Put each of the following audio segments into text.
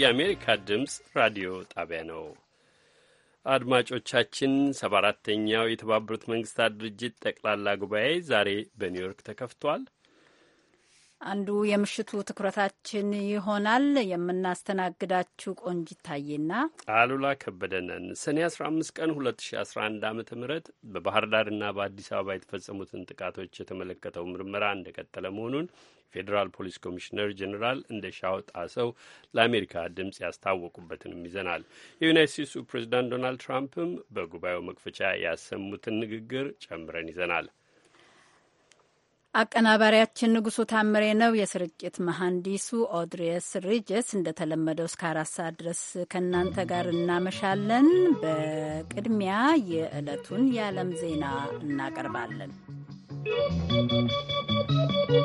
የአሜሪካ ድምፅ ራዲዮ ጣቢያ ነው። አድማጮቻችን ሰባ አራተኛው የተባበሩት መንግስታት ድርጅት ጠቅላላ ጉባኤ ዛሬ በኒውዮርክ ተከፍቷል። አንዱ የምሽቱ ትኩረታችን ይሆናል። የምናስተናግዳችሁ ቆንጂት ታዬና አሉላ ከበደነን። ሰኔ 15 ቀን 2011 ዓ ም በባህር ዳርና በአዲስ አበባ የተፈጸሙትን ጥቃቶች የተመለከተው ምርመራ እንደቀጠለ መሆኑን ፌዴራል ፖሊስ ኮሚሽነር ጀኔራል እንደሻው ጣሰው ለአሜሪካ ድምፅ ያስታወቁበትንም ይዘናል። የዩናይት ስቴትሱ ፕሬዚዳንት ዶናልድ ትራምፕም በጉባኤው መክፈቻ ያሰሙትን ንግግር ጨምረን ይዘናል። አቀናባሪያችን ንጉሱ ታምሬ ነው። የስርጭት መሐንዲሱ ኦድሪየስ ሪጀስ እንደተለመደው እስከ አራት ሰዓት ድረስ ከእናንተ ጋር እናመሻለን። በቅድሚያ የዕለቱን የዓለም ዜና እናቀርባለን። If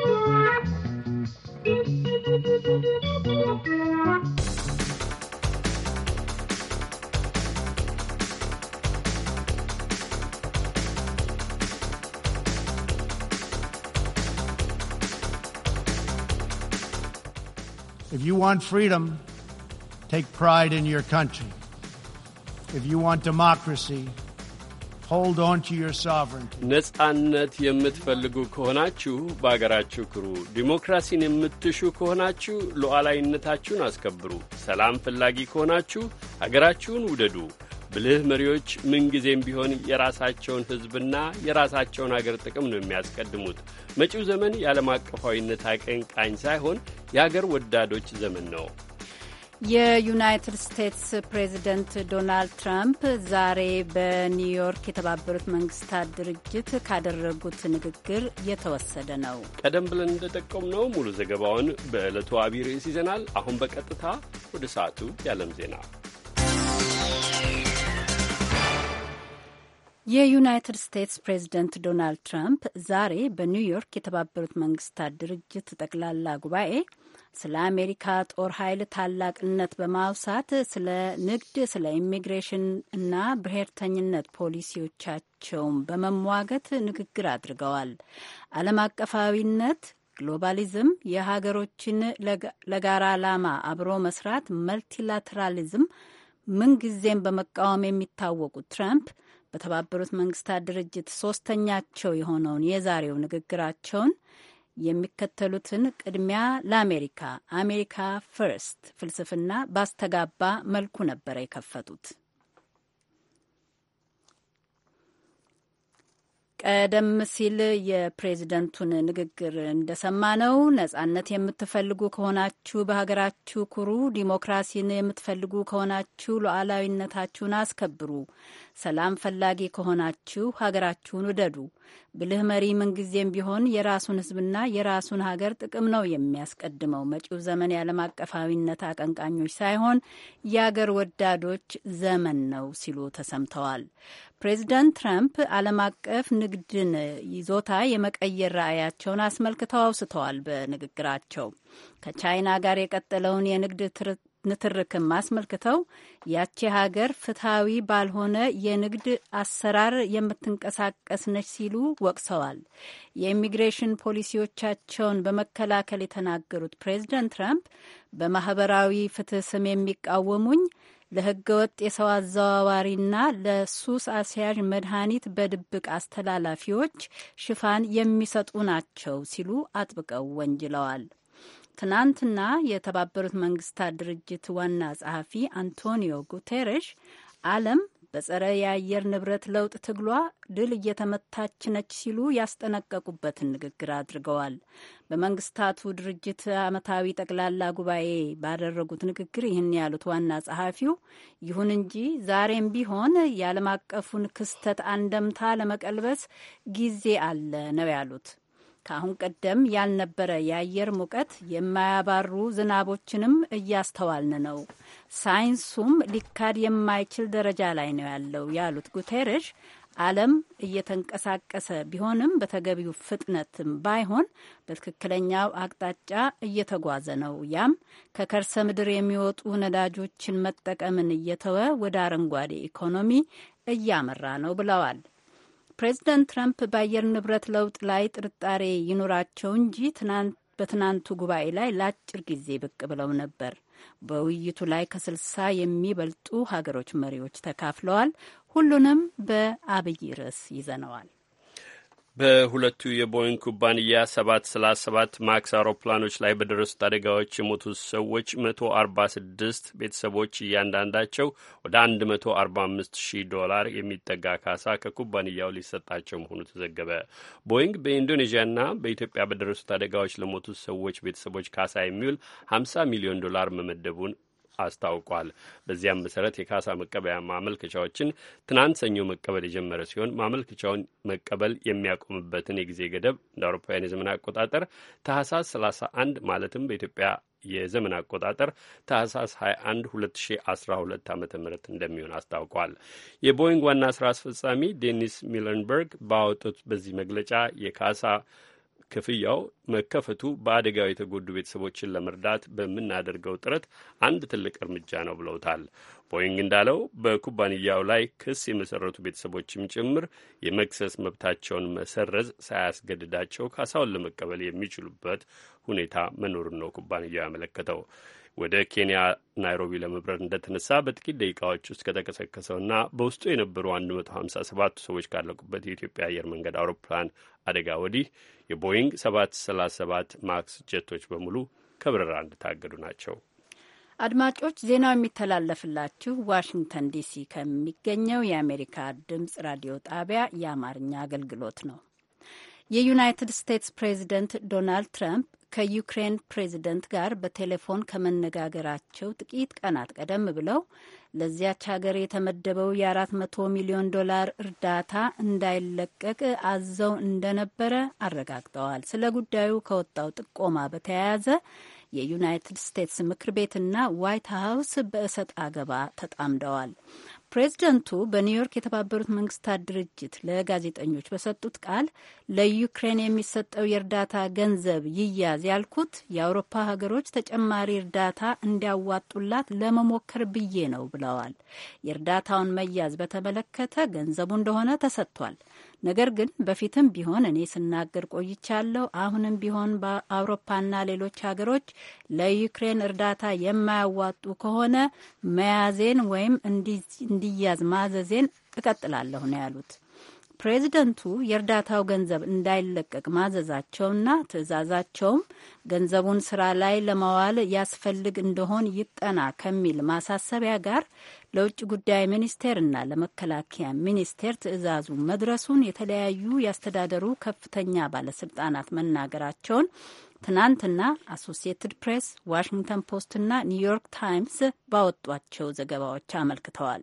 you want freedom, take pride in your country. If you want democracy, ነጻነት የምትፈልጉ ከሆናችሁ በአገራችሁ ክሩ። ዲሞክራሲን የምትሹ ከሆናችሁ ሉዓላዊነታችሁን አስከብሩ። ሰላም ፈላጊ ከሆናችሁ አገራችሁን ውደዱ። ብልህ መሪዎች ምንጊዜም ቢሆን የራሳቸውን ሕዝብና የራሳቸውን አገር ጥቅም ነው የሚያስቀድሙት። መጪው ዘመን የዓለም አቀፋዊነት አቀንቃኝ ሳይሆን የአገር ወዳዶች ዘመን ነው። የዩናይትድ ስቴትስ ፕሬዚደንት ዶናልድ ትራምፕ ዛሬ በኒውዮርክ የተባበሩት መንግስታት ድርጅት ካደረጉት ንግግር የተወሰደ ነው። ቀደም ብለን ነው ሙሉ ዘገባውን በዕለቱ አብይ ርዕስ ይዘናል። አሁን በቀጥታ ወደ ሰዓቱ የዓለም ዜና የዩናይትድ ስቴትስ ፕሬዚደንት ዶናልድ ትራምፕ ዛሬ በኒውዮርክ የተባበሩት መንግስታት ድርጅት ጠቅላላ ጉባኤ ስለ አሜሪካ ጦር ኃይል ታላቅነት በማውሳት ስለ ንግድ፣ ስለ ኢሚግሬሽን እና ብሔርተኝነት ፖሊሲዎቻቸውን በመሟገት ንግግር አድርገዋል። ዓለም አቀፋዊነት ግሎባሊዝም፣ የሀገሮችን ለጋራ ዓላማ አብሮ መስራት፣ መልቲላተራሊዝም ምንጊዜም በመቃወም የሚታወቁት ትራምፕ በተባበሩት መንግስታት ድርጅት ሶስተኛቸው የሆነውን የዛሬው ንግግራቸውን የሚከተሉትን ቅድሚያ ለአሜሪካ አሜሪካ ፈርስት ፍልስፍና ባስተጋባ መልኩ ነበር የከፈቱት። ቀደም ሲል የፕሬዝደንቱን ንግግር እንደሰማ ነው። ነጻነት የምትፈልጉ ከሆናችሁ በሀገራችሁ ኩሩ፣ ዲሞክራሲን የምትፈልጉ ከሆናችሁ ሉዓላዊነታችሁን አስከብሩ፣ ሰላም ፈላጊ ከሆናችሁ ሀገራችሁን ውደዱ። ብልህ መሪ ምንጊዜም ቢሆን የራሱን ሕዝብና የራሱን ሀገር ጥቅም ነው የሚያስቀድመው። መጪው ዘመን የዓለም አቀፋዊነት አቀንቃኞች ሳይሆን የአገር ወዳዶች ዘመን ነው ሲሉ ተሰምተዋል። ፕሬዚዳንት ትራምፕ ዓለም አቀፍ ንግድን ይዞታ የመቀየር ራዕያቸውን አስመልክተው አውስተዋል። በንግግራቸው ከቻይና ጋር የቀጠለውን የንግድ ንትርክም አስመልክተው ያቺ ሀገር ፍትሐዊ ባልሆነ የንግድ አሰራር የምትንቀሳቀስ ነች ሲሉ ወቅሰዋል። የኢሚግሬሽን ፖሊሲዎቻቸውን በመከላከል የተናገሩት ፕሬዚደንት ትራምፕ በማህበራዊ ፍትህ ስም የሚቃወሙኝ ለህገወጥ የሰው አዘዋዋሪና ለሱስ አስያዥ መድኃኒት በድብቅ አስተላላፊዎች ሽፋን የሚሰጡ ናቸው ሲሉ አጥብቀው ወንጅለዋል። ትናንትና የተባበሩት መንግስታት ድርጅት ዋና ጸሐፊ አንቶኒዮ ጉቴሬሽ ዓለም በጸረ የአየር ንብረት ለውጥ ትግሏ ድል እየተመታች ነች ሲሉ ያስጠነቀቁበትን ንግግር አድርገዋል። በመንግስታቱ ድርጅት ዓመታዊ ጠቅላላ ጉባኤ ባደረጉት ንግግር ይህን ያሉት ዋና ጸሐፊው፣ ይሁን እንጂ ዛሬም ቢሆን የዓለም አቀፉን ክስተት አንደምታ ለመቀልበስ ጊዜ አለ ነው ያሉት። ከአሁን ቀደም ያልነበረ የአየር ሙቀት የማያባሩ ዝናቦችንም እያስተዋልን ነው። ሳይንሱም ሊካድ የማይችል ደረጃ ላይ ነው ያለው ያሉት ጉቴሬሽ ዓለም እየተንቀሳቀሰ ቢሆንም በተገቢው ፍጥነትም ባይሆን በትክክለኛው አቅጣጫ እየተጓዘ ነው። ያም ከከርሰ ምድር የሚወጡ ነዳጆችን መጠቀምን እየተወ ወደ አረንጓዴ ኢኮኖሚ እያመራ ነው ብለዋል። ፕሬዚደንት ትራምፕ በአየር ንብረት ለውጥ ላይ ጥርጣሬ ይኑራቸው እንጂ በትናንቱ ጉባኤ ላይ ለአጭር ጊዜ ብቅ ብለው ነበር። በውይይቱ ላይ ከስልሳ የሚበልጡ ሀገሮች መሪዎች ተካፍለዋል። ሁሉንም በአብይ ርዕስ ይዘነዋል። በሁለቱ የቦይንግ ኩባንያ 737 ማክስ አውሮፕላኖች ላይ በደረሱት አደጋዎች የሞቱት ሰዎች 146 ቤተሰቦች እያንዳንዳቸው ወደ 145 ሺህ ዶላር የሚጠጋ ካሳ ከኩባንያው ሊሰጣቸው መሆኑ ተዘገበ። ቦይንግ በኢንዶኔዥያና በኢትዮጵያ በደረሱት አደጋዎች ለሞቱት ሰዎች ቤተሰቦች ካሳ የሚውል 50 ሚሊዮን ዶላር መመደቡን አስታውቋል። በዚያም መሰረት የካሳ መቀበያ ማመልከቻዎችን ትናንት ሰኞ መቀበል የጀመረ ሲሆን ማመልከቻውን መቀበል የሚያቆምበትን የጊዜ ገደብ እንደ አውሮፓውያን የዘመን አቆጣጠር ታህሳስ 31 ማለትም በኢትዮጵያ የዘመን አቆጣጠር ታህሳስ 21 2012 ዓ ም እንደሚሆን አስታውቋል። የቦይንግ ዋና ስራ አስፈጻሚ ዴኒስ ሚለንበርግ ባወጡት በዚህ መግለጫ የካሳ ክፍያው መከፈቱ በአደጋው የተጎዱ ቤተሰቦችን ለመርዳት በምናደርገው ጥረት አንድ ትልቅ እርምጃ ነው ብለውታል። ቦይንግ እንዳለው በኩባንያው ላይ ክስ የመሰረቱ ቤተሰቦችም ጭምር የመክሰስ መብታቸውን መሰረዝ ሳያስገድዳቸው ካሳውን ለመቀበል የሚችሉበት ሁኔታ መኖሩን ነው ኩባንያው ያመለከተው። ወደ ኬንያ ናይሮቢ ለመብረር እንደተነሳ በጥቂት ደቂቃዎች ውስጥ ና በውስጡ የነበሩ 157 ሰዎች ካለቁበት የኢትዮጵያ አየር መንገድ አውሮፕላን አደጋ ወዲህ የቦይንግ 737 ማክስ ጀቶች በሙሉ ከበረራ እንደታገዱ ናቸው። አድማጮች ዜናው የሚተላለፍላችሁ ዋሽንግተን ዲሲ ከሚገኘው የአሜሪካ ድምፅ ራዲዮ ጣቢያ የአማርኛ አገልግሎት ነው። የዩናይትድ ስቴትስ ፕሬዚደንት ዶናልድ ትራምፕ ከዩክሬን ፕሬዚደንት ጋር በቴሌፎን ከመነጋገራቸው ጥቂት ቀናት ቀደም ብለው ለዚያች ሀገር የተመደበው የ400 ሚሊዮን ዶላር እርዳታ እንዳይለቀቅ አዘው እንደነበረ አረጋግጠዋል። ስለ ጉዳዩ ከወጣው ጥቆማ በተያያዘ የዩናይትድ ስቴትስ ምክር ቤትና ዋይት ሀውስ በእሰጥ አገባ ተጣምደዋል። ፕሬዚደንቱ በኒውዮርክ የተባበሩት መንግስታት ድርጅት ለጋዜጠኞች በሰጡት ቃል ለዩክሬን የሚሰጠው የእርዳታ ገንዘብ ይያዝ ያልኩት የአውሮፓ ሀገሮች ተጨማሪ እርዳታ እንዲያዋጡላት ለመሞከር ብዬ ነው ብለዋል። የእርዳታውን መያዝ በተመለከተ ገንዘቡ እንደሆነ ተሰጥቷል። ነገር ግን በፊትም ቢሆን እኔ ስናገር ቆይቻለሁ። አሁንም ቢሆን በአውሮፓና ሌሎች ሀገሮች ለዩክሬን እርዳታ የማያዋጡ ከሆነ መያዜን ወይም እንዲ እንዲያዝ ማዘዜን እቀጥላለሁ ነው ያሉት። ፕሬዚደንቱ የእርዳታው ገንዘብ እንዳይለቀቅ ማዘዛቸውና ትዕዛዛቸውም ገንዘቡን ስራ ላይ ለማዋል ያስፈልግ እንደሆን ይጠና ከሚል ማሳሰቢያ ጋር ለውጭ ጉዳይ ሚኒስቴርና ለመከላከያ ሚኒስቴር ትዕዛዙ መድረሱን የተለያዩ ያስተዳደሩ ከፍተኛ ባለስልጣናት መናገራቸውን ትናንትና አሶሲየትድ ፕሬስ፣ ዋሽንግተን ፖስትና ኒውዮርክ ታይምስ ባወጧቸው ዘገባዎች አመልክተዋል።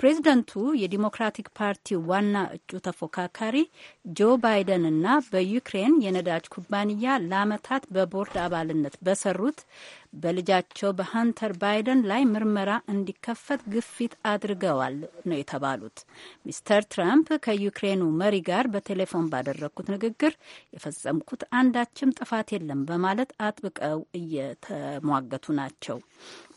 ፕሬዚደንቱ የዲሞክራቲክ ፓርቲ ዋና እጩ ተፎካካሪ ጆ እና በዩክሬን የነዳጅ ኩባንያ ለዓመታት በቦርድ አባልነት በሰሩት በልጃቸው በሀንተር ባይደን ላይ ምርመራ እንዲከፈት ግፊት አድርገዋል ነው የተባሉት። ሚስተር ትራምፕ ከዩክሬኑ መሪ ጋር በቴሌፎን ባደረግኩት ንግግር የፈጸምኩት አንዳችም ጥፋት የለም በማለት አጥብቀው እየተሟገቱ ናቸው።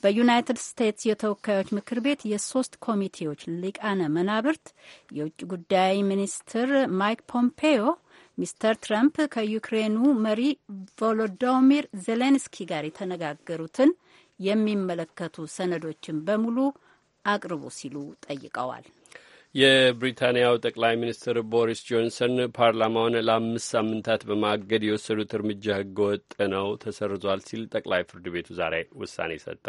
በዩናይትድ ስቴትስ የተወካዮች ምክር ቤት የሶስት ኮሚቴዎች ሊቃነ መናብርት የውጭ ጉዳይ ሚኒስትር ማይክ ፖምፔዮ ሚስተር ትራምፕ ከዩክሬኑ መሪ ቮሎዶሚር ዜሌንስኪ ጋር የተነጋገሩትን የሚመለከቱ ሰነዶችን በሙሉ አቅርቡ ሲሉ ጠይቀዋል። የብሪታንያው ጠቅላይ ሚኒስትር ቦሪስ ጆንሰን ፓርላማውን ለአምስት ሳምንታት በማገድ የወሰዱት እርምጃ ሕገወጥ ነው፣ ተሰርዟል ሲል ጠቅላይ ፍርድ ቤቱ ዛሬ ውሳኔ ሰጠ።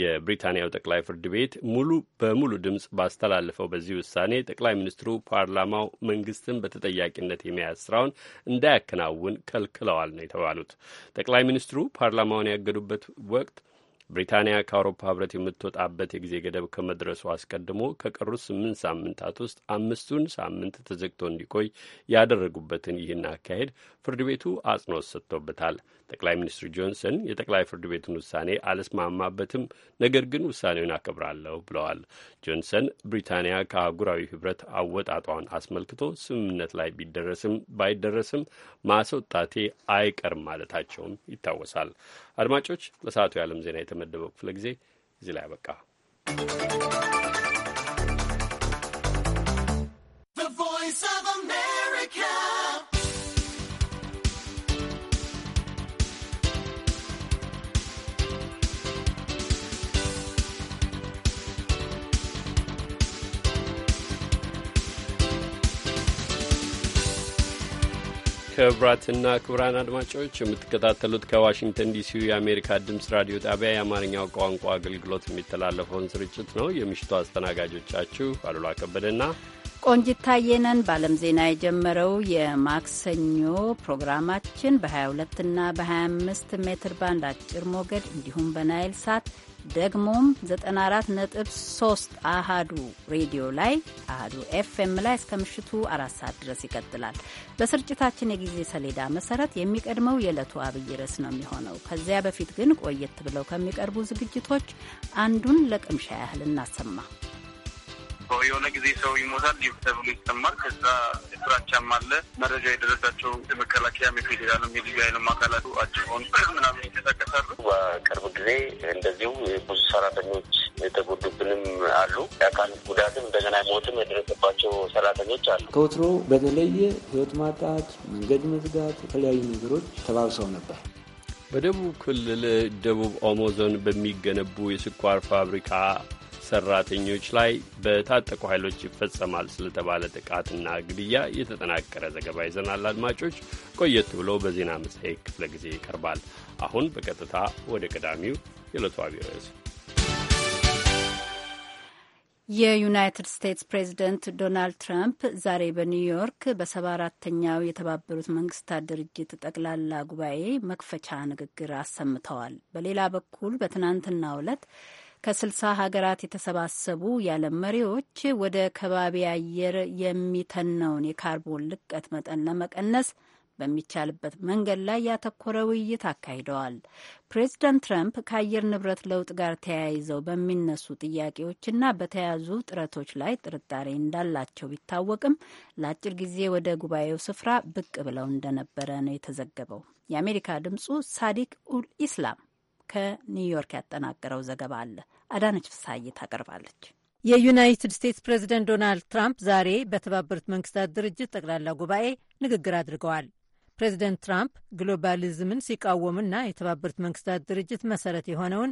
የብሪታንያው ጠቅላይ ፍርድ ቤት ሙሉ በሙሉ ድምፅ ባስተላለፈው በዚህ ውሳኔ ጠቅላይ ሚኒስትሩ ፓርላማው መንግስትን በተጠያቂነት የመያዝ ስራውን እንዳያከናውን ከልክለዋል ነው የተባሉት። ጠቅላይ ሚኒስትሩ ፓርላማውን ያገዱበት ወቅት ብሪታንያ ከአውሮፓ ህብረት የምትወጣበት የጊዜ ገደብ ከመድረሱ አስቀድሞ ከቀሩት ስምንት ሳምንታት ውስጥ አምስቱን ሳምንት ተዘግቶ እንዲቆይ ያደረጉበትን ይህን አካሄድ ፍርድ ቤቱ አጽንኦት ሰጥቶበታል። ጠቅላይ ሚኒስትር ጆንሰን የጠቅላይ ፍርድ ቤቱን ውሳኔ አልስማማበትም፣ ነገር ግን ውሳኔውን አከብራለሁ ብለዋል። ጆንሰን ብሪታንያ ከአህጉራዊ ህብረት አወጣጧን አስመልክቶ ስምምነት ላይ ቢደረስም ባይደረስም ማስወጣቴ አይቀርም ማለታቸውም ይታወሳል። አድማጮች፣ ለሰዓቱ የዓለም ዜና የተመደበው ክፍለ ጊዜ እዚህ ላይ አበቃ። ክቡራትና ክቡራን አድማጮች የምትከታተሉት ከዋሽንግተን ዲሲው የአሜሪካ ድምፅ ራዲዮ ጣቢያ የአማርኛው ቋንቋ አገልግሎት የሚተላለፈውን ስርጭት ነው። የምሽቱ አስተናጋጆቻችሁ አሉላ ከበደና ቆንጂት ታየ በዓለም ዜና የጀመረው የማክሰኞ ፕሮግራማችን በ22 ና በ25 ሜትር ባንድ አጭር ሞገድ እንዲሁም በናይል ሳት ደግሞም 94.3 አሃዱ ሬዲዮ ላይ አሃዱ ኤፍኤም ላይ እስከ ምሽቱ አራት ሰዓት ድረስ ይቀጥላል። በስርጭታችን የጊዜ ሰሌዳ መሰረት የሚቀድመው የዕለቱ አብይ ርዕስ ነው የሚሆነው። ከዚያ በፊት ግን ቆየት ብለው ከሚቀርቡ ዝግጅቶች አንዱን ለቅምሻ ያህል እናሰማ። የሆነ ጊዜ ሰው ይሞታል ተብሎ ይሰማል። ከዛ ፍራቻም አለ። መረጃ የደረሳቸው የመከላከያም የፌዴራልም የልዩ ኃይልም አካላቱ አጭሆን ምናምን ይንቀሳቀሳሉ። በቅርብ ጊዜ እንደዚሁ ብዙ ሰራተኞች የተጎዱብንም አሉ። የአካል ጉዳትም እንደገና ሞትም የደረሰባቸው ሰራተኞች አሉ። ከወትሮ በተለየ ህይወት ማጣት፣ መንገድ መዝጋት፣ የተለያዩ ነገሮች ተባብሰው ነበር። በደቡብ ክልል ደቡብ ኦሞ ዞን በሚገነቡ የስኳር ፋብሪካ ሰራተኞች ላይ በታጠቁ ኃይሎች ይፈጸማል ስለተባለ ጥቃትና ግድያ የተጠናቀረ ዘገባ ይዘናል። አድማጮች ቆየት ብሎ በዜና መጽሔት ክፍለ ጊዜ ይቀርባል። አሁን በቀጥታ ወደ ቀዳሚው የዕለቱ አብዮስ የዩናይትድ ስቴትስ ፕሬዚደንት ዶናልድ ትራምፕ ዛሬ በኒውዮርክ በሰባ አራተኛው የተባበሩት መንግስታት ድርጅት ጠቅላላ ጉባኤ መክፈቻ ንግግር አሰምተዋል። በሌላ በኩል በትናንትናው ዕለት ከስልሳ ሀገራት የተሰባሰቡ የዓለም መሪዎች ወደ ከባቢ አየር የሚተነውን የካርቦን ልቀት መጠን ለመቀነስ በሚቻልበት መንገድ ላይ ያተኮረ ውይይት አካሂደዋል። ፕሬዚዳንት ትራምፕ ከአየር ንብረት ለውጥ ጋር ተያይዘው በሚነሱ ጥያቄዎችና በተያዙ ጥረቶች ላይ ጥርጣሬ እንዳላቸው ቢታወቅም ለአጭር ጊዜ ወደ ጉባኤው ስፍራ ብቅ ብለው እንደነበረ ነው የተዘገበው። የአሜሪካ ድምጹ ሳዲቅ ኡል ኢስላም ከኒውዮርክ ያጠናቀረው ዘገባ አለ። አዳነች ፍስሐዬ ታቀርባለች። የዩናይትድ ስቴትስ ፕሬዚደንት ዶናልድ ትራምፕ ዛሬ በተባበሩት መንግስታት ድርጅት ጠቅላላ ጉባኤ ንግግር አድርገዋል። ፕሬዚደንት ትራምፕ ግሎባሊዝምን ሲቃወሙና የተባበሩት መንግስታት ድርጅት መሰረት የሆነውን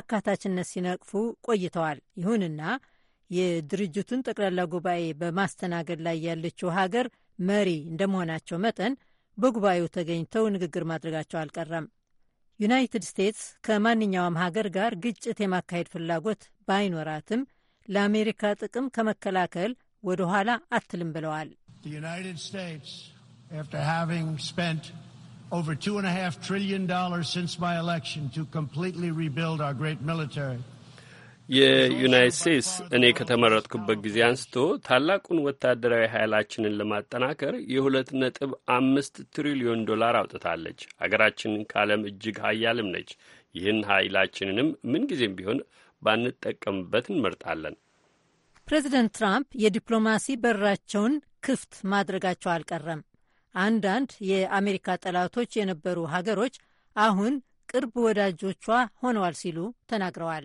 አካታችነት ሲነቅፉ ቆይተዋል። ይሁንና የድርጅቱን ጠቅላላ ጉባኤ በማስተናገድ ላይ ያለችው ሀገር መሪ እንደመሆናቸው መጠን በጉባኤው ተገኝተው ንግግር ማድረጋቸው አልቀረም። ዩናይትድ ስቴትስ ከማንኛውም ሀገር ጋር ግጭት የማካሄድ ፍላጎት ባይኖራትም ለአሜሪካ ጥቅም ከመከላከል ወደ ኋላ አትልም ብለዋል። ዩናይትድ የዩናይት ስቴትስ እኔ ከተመረጥኩበት ጊዜ አንስቶ ታላቁን ወታደራዊ ኃይላችንን ለማጠናከር የሁለት ነጥብ አምስት ትሪሊዮን ዶላር አውጥታለች። ሀገራችን ከዓለም እጅግ ሀያልም ነች። ይህን ኃይላችንንም ምንጊዜም ቢሆን ባንጠቀምበት እንመርጣለን። ፕሬዚደንት ትራምፕ የዲፕሎማሲ በራቸውን ክፍት ማድረጋቸው አልቀረም። አንዳንድ የአሜሪካ ጠላቶች የነበሩ ሀገሮች አሁን ቅርብ ወዳጆቿ ሆነዋል ሲሉ ተናግረዋል።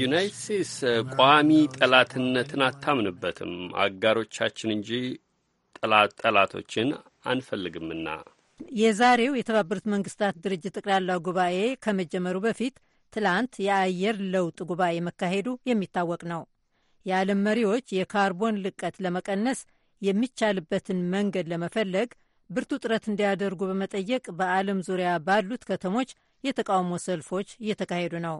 ዩናይት ስቴትስ ቋሚ ጠላትነትን አታምንበትም። አጋሮቻችን እንጂ ጠላት ጠላቶችን አንፈልግምና። የዛሬው የተባበሩት መንግስታት ድርጅት ጠቅላላ ጉባኤ ከመጀመሩ በፊት ትላንት የአየር ለውጥ ጉባኤ መካሄዱ የሚታወቅ ነው። የዓለም መሪዎች የካርቦን ልቀት ለመቀነስ የሚቻልበትን መንገድ ለመፈለግ ብርቱ ጥረት እንዲያደርጉ በመጠየቅ በዓለም ዙሪያ ባሉት ከተሞች የተቃውሞ ሰልፎች እየተካሄዱ ነው።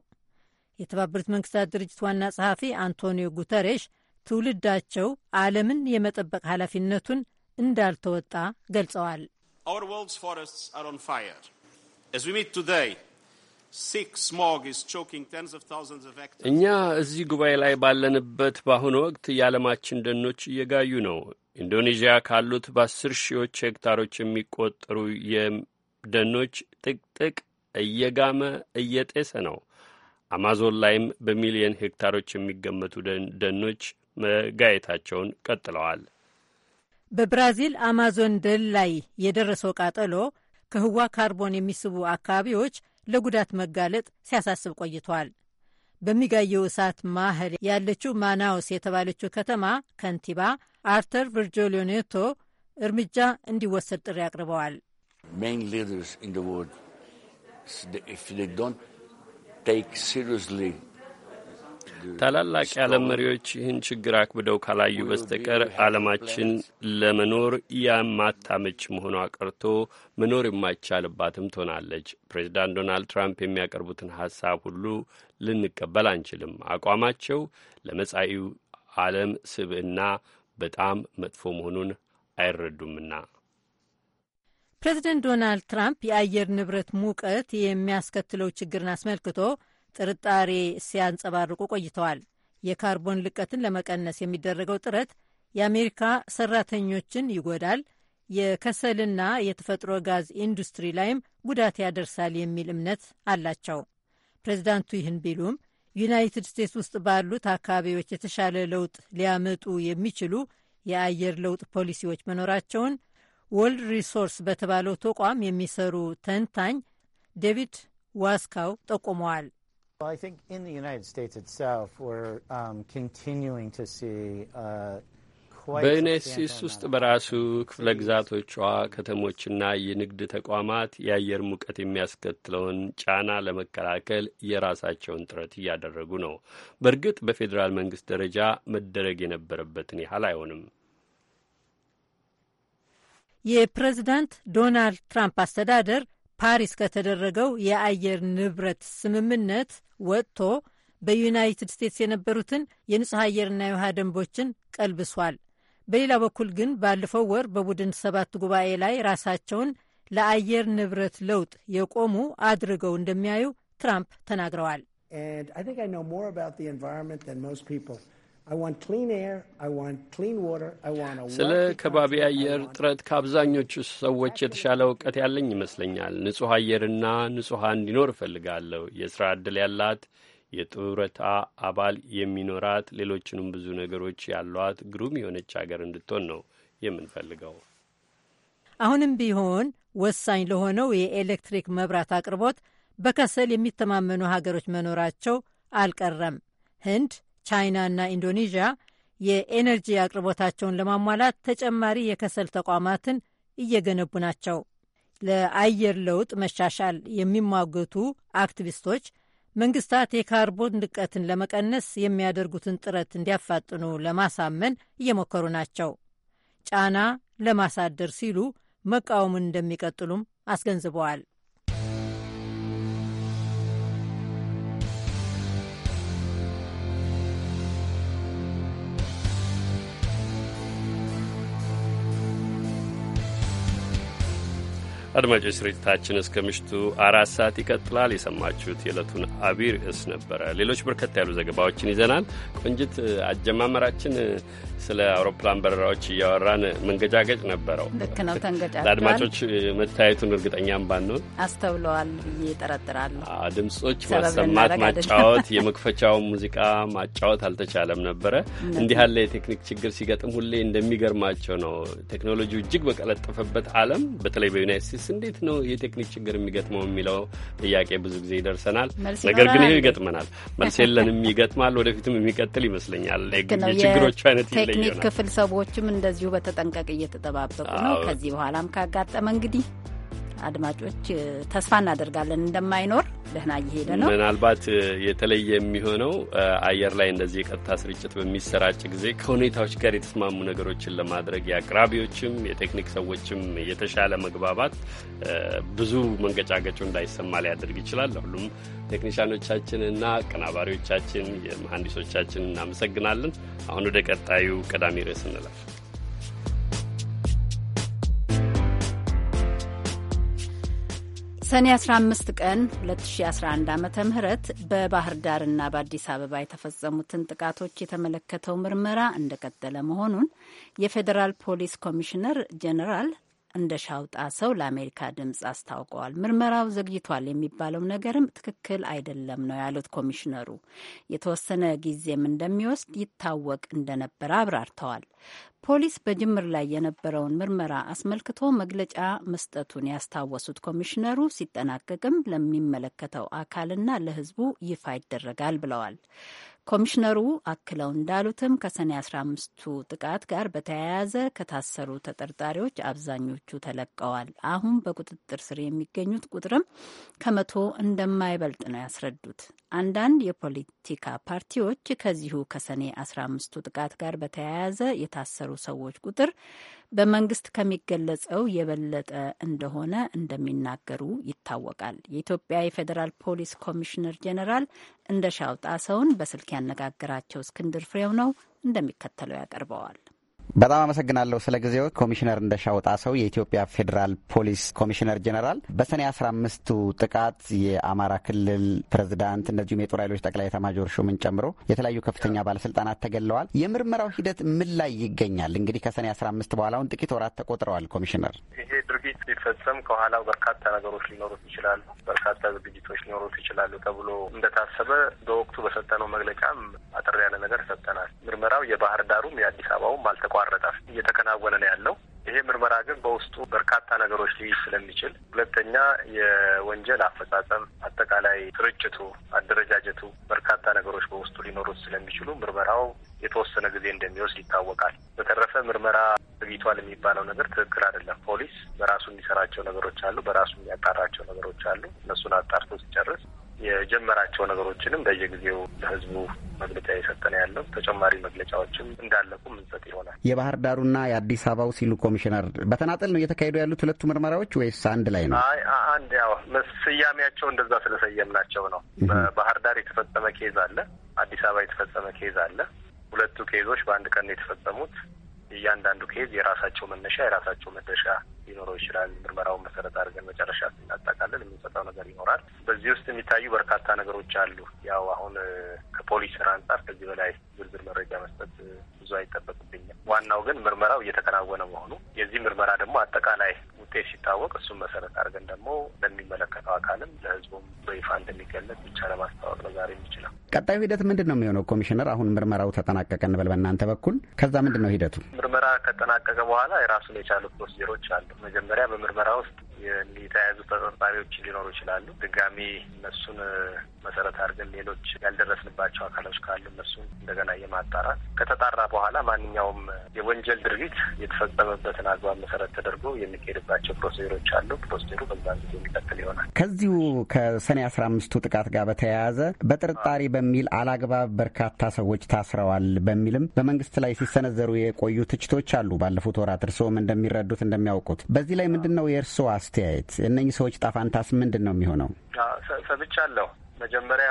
የተባበሩት መንግስታት ድርጅት ዋና ጸሐፊ አንቶኒዮ ጉተሬሽ ትውልዳቸው ዓለምን የመጠበቅ ኃላፊነቱን እንዳልተወጣ ገልጸዋል። እኛ እዚህ ጉባኤ ላይ ባለንበት በአሁኑ ወቅት የዓለማችን ደኖች እየጋዩ ነው። ኢንዶኔዥያ ካሉት በአስር ሺዎች ሄክታሮች የሚቆጠሩ የደኖች ጥቅጥቅ እየጋመ እየጤሰ ነው። አማዞን ላይም በሚሊየን ሄክታሮች የሚገመቱ ደኖች መጋየታቸውን ቀጥለዋል። በብራዚል አማዞን ደን ላይ የደረሰው ቃጠሎ ከህዋ ካርቦን የሚስቡ አካባቢዎች ለጉዳት መጋለጥ ሲያሳስብ ቆይቷል። በሚጋየው እሳት ማህል ያለችው ማናውስ የተባለችው ከተማ ከንቲባ አርተር ቪርጂሊዮ እርምጃ እንዲወሰድ ጥሪ አቅርበዋል። ታላላቅ የዓለም መሪዎች ይህን ችግር አክብደው ካላዩ በስተቀር ዓለማችን ለመኖር የማታመች መሆኗ ቀርቶ መኖር የማይቻልባትም ትሆናለች። ፕሬዚዳንት ዶናልድ ትራምፕ የሚያቀርቡትን ሀሳብ ሁሉ ልንቀበል አንችልም። አቋማቸው ለመጻኢው ዓለም ስብዕና በጣም መጥፎ መሆኑን አይረዱምና። ፕሬዚደንት ዶናልድ ትራምፕ የአየር ንብረት ሙቀት የሚያስከትለው ችግርን አስመልክቶ ጥርጣሬ ሲያንጸባርቁ ቆይተዋል። የካርቦን ልቀትን ለመቀነስ የሚደረገው ጥረት የአሜሪካ ሰራተኞችን ይጎዳል፣ የከሰልና የተፈጥሮ ጋዝ ኢንዱስትሪ ላይም ጉዳት ያደርሳል የሚል እምነት አላቸው። ፕሬዚዳንቱ ይህን ቢሉም ዩናይትድ ስቴትስ ውስጥ ባሉት አካባቢዎች የተሻለ ለውጥ ሊያመጡ የሚችሉ የአየር ለውጥ ፖሊሲዎች መኖራቸውን ወርልድ ሪሶርስ በተባለው ተቋም የሚሰሩ ተንታኝ ዴቪድ ዋስካው ጠቁመዋል። Well, I think in the United States itself, we're um, continuing to see uh, በዩናይት ውስጥ በራሱ ክፍለ ግዛቶቿ ከተሞችና የንግድ ተቋማት የአየር ሙቀት የሚያስከትለውን ጫና ለመከላከል የራሳቸውን ጥረት እያደረጉ ነው። በእርግጥ በፌዴራል መንግስት ደረጃ መደረግ የነበረበትን ያህል አይሆንም። የፕሬዚዳንት ዶናልድ ትራምፕ አስተዳደር ፓሪስ ከተደረገው የአየር ንብረት ስምምነት ወጥቶ በዩናይትድ ስቴትስ የነበሩትን የንጹሕ አየርና የውሃ ደንቦችን ቀልብሷል። በሌላ በኩል ግን ባለፈው ወር በቡድን ሰባት ጉባኤ ላይ ራሳቸውን ለአየር ንብረት ለውጥ የቆሙ አድርገው እንደሚያዩ ትራምፕ ተናግረዋል። ስለ ከባቢ አየር ጥረት ከአብዛኞቹ ሰዎች የተሻለ እውቀት ያለኝ ይመስለኛል። ንጹሕ አየርና ንጹሕ እንዲኖር እፈልጋለሁ። የሥራ ዕድል ያላት የጡረታ አባል የሚኖራት ሌሎችንም ብዙ ነገሮች ያሏት ግሩም የሆነች አገር እንድትሆን ነው የምንፈልገው። አሁንም ቢሆን ወሳኝ ለሆነው የኤሌክትሪክ መብራት አቅርቦት በከሰል የሚተማመኑ ሀገሮች መኖራቸው አልቀረም። ህንድ ቻይና እና ኢንዶኔዥያ የኤነርጂ አቅርቦታቸውን ለማሟላት ተጨማሪ የከሰል ተቋማትን እየገነቡ ናቸው። ለአየር ለውጥ መሻሻል የሚሟገቱ አክቲቪስቶች መንግስታት የካርቦን ልቀትን ለመቀነስ የሚያደርጉትን ጥረት እንዲያፋጥኑ ለማሳመን እየሞከሩ ናቸው። ጫና ለማሳደር ሲሉ መቃወሙን እንደሚቀጥሉም አስገንዝበዋል። አድማጮች ስርጭታችን እስከ ምሽቱ አራት ሰዓት ይቀጥላል። የሰማችሁት የዕለቱን አቢይ ርዕስ ነበረ። ሌሎች በርከት ያሉ ዘገባዎችን ይዘናል። ቆንጅት አጀማመራችን ስለ አውሮፕላን በረራዎች እያወራን መንገጫገጭ ነበረው። ልክ ነው፣ ተንገጫ ለአድማጮች መታየቱን እርግጠኛም ባንሆን አስተውለዋል ብዬ እጠረጥራለሁ። ድምጾች ማሰማት፣ ማጫወት፣ የመክፈቻውን ሙዚቃ ማጫወት አልተቻለም ነበረ። እንዲህ ያለ የቴክኒክ ችግር ሲገጥም ሁሌ እንደሚገርማቸው ነው። ቴክኖሎጂ እጅግ በቀለጠፈበት ዓለም በተለይ በዩናይት ስቴትስ እንዴት ነው የቴክኒክ ችግር የሚገጥመው የሚለው ጥያቄ ብዙ ጊዜ ይደርሰናል። ነገር ግን ይገጥመናል፣ መልስ የለንም፣ ይገጥማል። ወደፊትም የሚቀጥል ይመስለኛል የችግሮቹ አይነት የቴክኒክ ክፍል ሰዎችም እንደዚሁ በተጠንቀቅ እየተጠባበቁ ነው። ከዚህ በኋላም ካጋጠመ እንግዲህ አድማጮች ተስፋ እናደርጋለን እንደማይኖር። ደህና እየሄደ ነው። ምናልባት የተለየ የሚሆነው አየር ላይ እንደዚህ የቀጥታ ስርጭት በሚሰራጭ ጊዜ ከሁኔታዎች ጋር የተስማሙ ነገሮችን ለማድረግ የአቅራቢዎችም የቴክኒክ ሰዎችም የተሻለ መግባባት ብዙ መንገጫገጩ እንዳይሰማ ሊያደርግ ይችላል። ለሁሉም ቴክኒሻኖቻችን እና አቀናባሪዎቻችን፣ የመሐንዲሶቻችን እናመሰግናለን። አሁን ወደ ቀጣዩ ቀዳሚ ርዕስ እንላል። ሰኔ 15 ቀን 2011 ዓ ም በባህር ዳርና በአዲስ አበባ የተፈጸሙትን ጥቃቶች የተመለከተው ምርመራ እንደቀጠለ መሆኑን የፌዴራል ፖሊስ ኮሚሽነር ጀኔራል እንደ ሻውጣ ሰው ለአሜሪካ ድምፅ አስታውቀዋል። ምርመራው ዘግይቷል የሚባለው ነገርም ትክክል አይደለም ነው ያሉት ኮሚሽነሩ። የተወሰነ ጊዜም እንደሚወስድ ይታወቅ እንደነበረ አብራርተዋል። ፖሊስ በጅምር ላይ የነበረውን ምርመራ አስመልክቶ መግለጫ መስጠቱን ያስታወሱት ኮሚሽነሩ ሲጠናቀቅም ለሚመለከተው አካልና ለሕዝቡ ይፋ ይደረጋል ብለዋል። ኮሚሽነሩ አክለው እንዳሉትም ከሰኔ 15ቱ ጥቃት ጋር በተያያዘ ከታሰሩ ተጠርጣሪዎች አብዛኞቹ ተለቀዋል። አሁን በቁጥጥር ስር የሚገኙት ቁጥርም ከመቶ እንደማይበልጥ ነው ያስረዱት። አንዳንድ የፖለቲካ ፓርቲዎች ከዚሁ ከሰኔ 15ቱ ጥቃት ጋር በተያያዘ የታሰሩ ሰዎች ቁጥር በመንግስት ከሚገለጸው የበለጠ እንደሆነ እንደሚናገሩ ይታወቃል። የኢትዮጵያ የፌዴራል ፖሊስ ኮሚሽነር ጄኔራል እንደሻው ጣሰውን በስልክ ያነጋገራቸው እስክንድር ፍሬው ነው፣ እንደሚከተለው ያቀርበዋል። በጣም አመሰግናለሁ ስለ ጊዜው ኮሚሽነር እንደሻው ጣሰው፣ የኢትዮጵያ ፌዴራል ፖሊስ ኮሚሽነር ጀኔራል። በሰኔ አስራ አምስቱ ጥቃት የአማራ ክልል ፕሬዝዳንት እንደዚሁም የጦር ኃይሎች ጠቅላይ ኤታማዦር ሹምን ጨምሮ የተለያዩ ከፍተኛ ባለስልጣናት ተገለዋል። የምርመራው ሂደት ምን ላይ ይገኛል? እንግዲህ ከሰኔ አስራ አምስት በኋላውን ጥቂት ወራት ተቆጥረዋል። ኮሚሽነር፣ ይሄ ድርጊት ሲፈጸም ከኋላው በርካታ ነገሮች ሊኖሩት ይችላሉ፣ በርካታ ዝግጅቶች ሊኖሩት ይችላሉ ተብሎ እንደታሰበ በወቅቱ በሰጠነው መግለጫም አጠር ያለ ነገር ሰጠናል። ምርመራው የባህር ዳሩም የአዲስ አበባውም አልተቋ ያልተቋረጠ እየተከናወነ ነው ያለው። ይሄ ምርመራ ግን በውስጡ በርካታ ነገሮች ሊይዝ ስለሚችል፣ ሁለተኛ የወንጀል አፈጻጸም አጠቃላይ ስርጭቱ፣ አደረጃጀቱ በርካታ ነገሮች በውስጡ ሊኖሩት ስለሚችሉ ምርመራው የተወሰነ ጊዜ እንደሚወስድ ይታወቃል። በተረፈ ምርመራ ዘግይቷል የሚባለው ነገር ትክክል አይደለም። ፖሊስ በራሱ የሚሰራቸው ነገሮች አሉ፣ በራሱ የሚያጣራቸው ነገሮች አሉ። እነሱን አጣርቶ ሲጨርስ የጀመራቸው ነገሮችንም በየጊዜው ለህዝቡ መግለጫ የሰጠነ ያለው ተጨማሪ መግለጫዎችም እንዳለቁ ምንሰጥ ይሆናል። የባህር ዳሩና የአዲስ አበባው ሲሉ ኮሚሽነር በተናጠል ነው እየተካሄዱ ያሉት ሁለቱ ምርመራዎች ወይስ አንድ ላይ ነው? አይ አንድ ያው ስያሜያቸው እንደዛ ስለሰየምናቸው ነው። በባህር ዳር የተፈጸመ ኬዝ አለ፣ አዲስ አበባ የተፈጸመ ኬዝ አለ። ሁለቱ ኬዞች በአንድ ቀን የተፈጸሙት። እያንዳንዱ ኬዝ የራሳቸው መነሻ የራሳቸው መድረሻ ሊኖረው ይችላል። ምርመራውን መሰረት አድርገን መጨረሻ ስናጠቃልል የምንሰጠው ነገር ይኖራል። በዚህ ውስጥ የሚታዩ በርካታ ነገሮች አሉ። ያው አሁን ከፖሊስ ስራ አንጻር ከዚህ በላይ ዝርዝር መረጃ መስጠት ብዙ አይጠበቅብኝም። ዋናው ግን ምርመራው እየተከናወነ መሆኑ የዚህ ምርመራ ደግሞ አጠቃላይ ውጤት ሲታወቅ እሱን መሰረት አድርገን ደግሞ ለሚመለከተው አካልም ለህዝቡም በይፋ እንደሚገለጽ ብቻ ለማስታወቅ ነው ዛሬ የሚችለው። ቀጣዩ ሂደት ምንድን ነው የሚሆነው? ኮሚሽነር አሁን ምርመራው ተጠናቀቀ እንበል በእናንተ በኩል ከዛ ምንድን ነው ሂደቱ? ምርመራ ከተጠናቀቀ በኋላ የራሱን የቻሉ ፕሮሲጀሮች አሉ። መጀመሪያ በምርመራ ውስጥ የተያዙ ተጠርጣሪዎች ሊኖሩ ይችላሉ። ድጋሚ እነሱን መሰረት አድርገን ሌሎች ያልደረስንባቸው አካሎች ካሉ እነሱን እንደገና የማጣራት ከተጣራ በኋላ ማንኛውም የወንጀል ድርጊት የተፈጸመበትን አግባብ መሰረት ተደርጎ የሚካሄድባቸው ፕሮሲጀሮች አሉ። ፕሮሲጀሩ በዛ ጊዜ የሚቀጥል ይሆናል። ከዚሁ ከሰኔ አስራ አምስቱ ጥቃት ጋር በተያያዘ በጥርጣሬ በሚል አላግባብ በርካታ ሰዎች ታስረዋል በሚልም በመንግስት ላይ ሲሰነዘሩ የቆዩ ትችቶች አሉ። ባለፉት ወራት እርስዎም እንደሚረዱት እንደሚያውቁት በዚህ ላይ ምንድን ነው የእርስዎ አስተያየት እነኚህ ሰዎች ጣፋንታስ ምንድን ነው የሚሆነው? ሰምቻለሁ። መጀመሪያ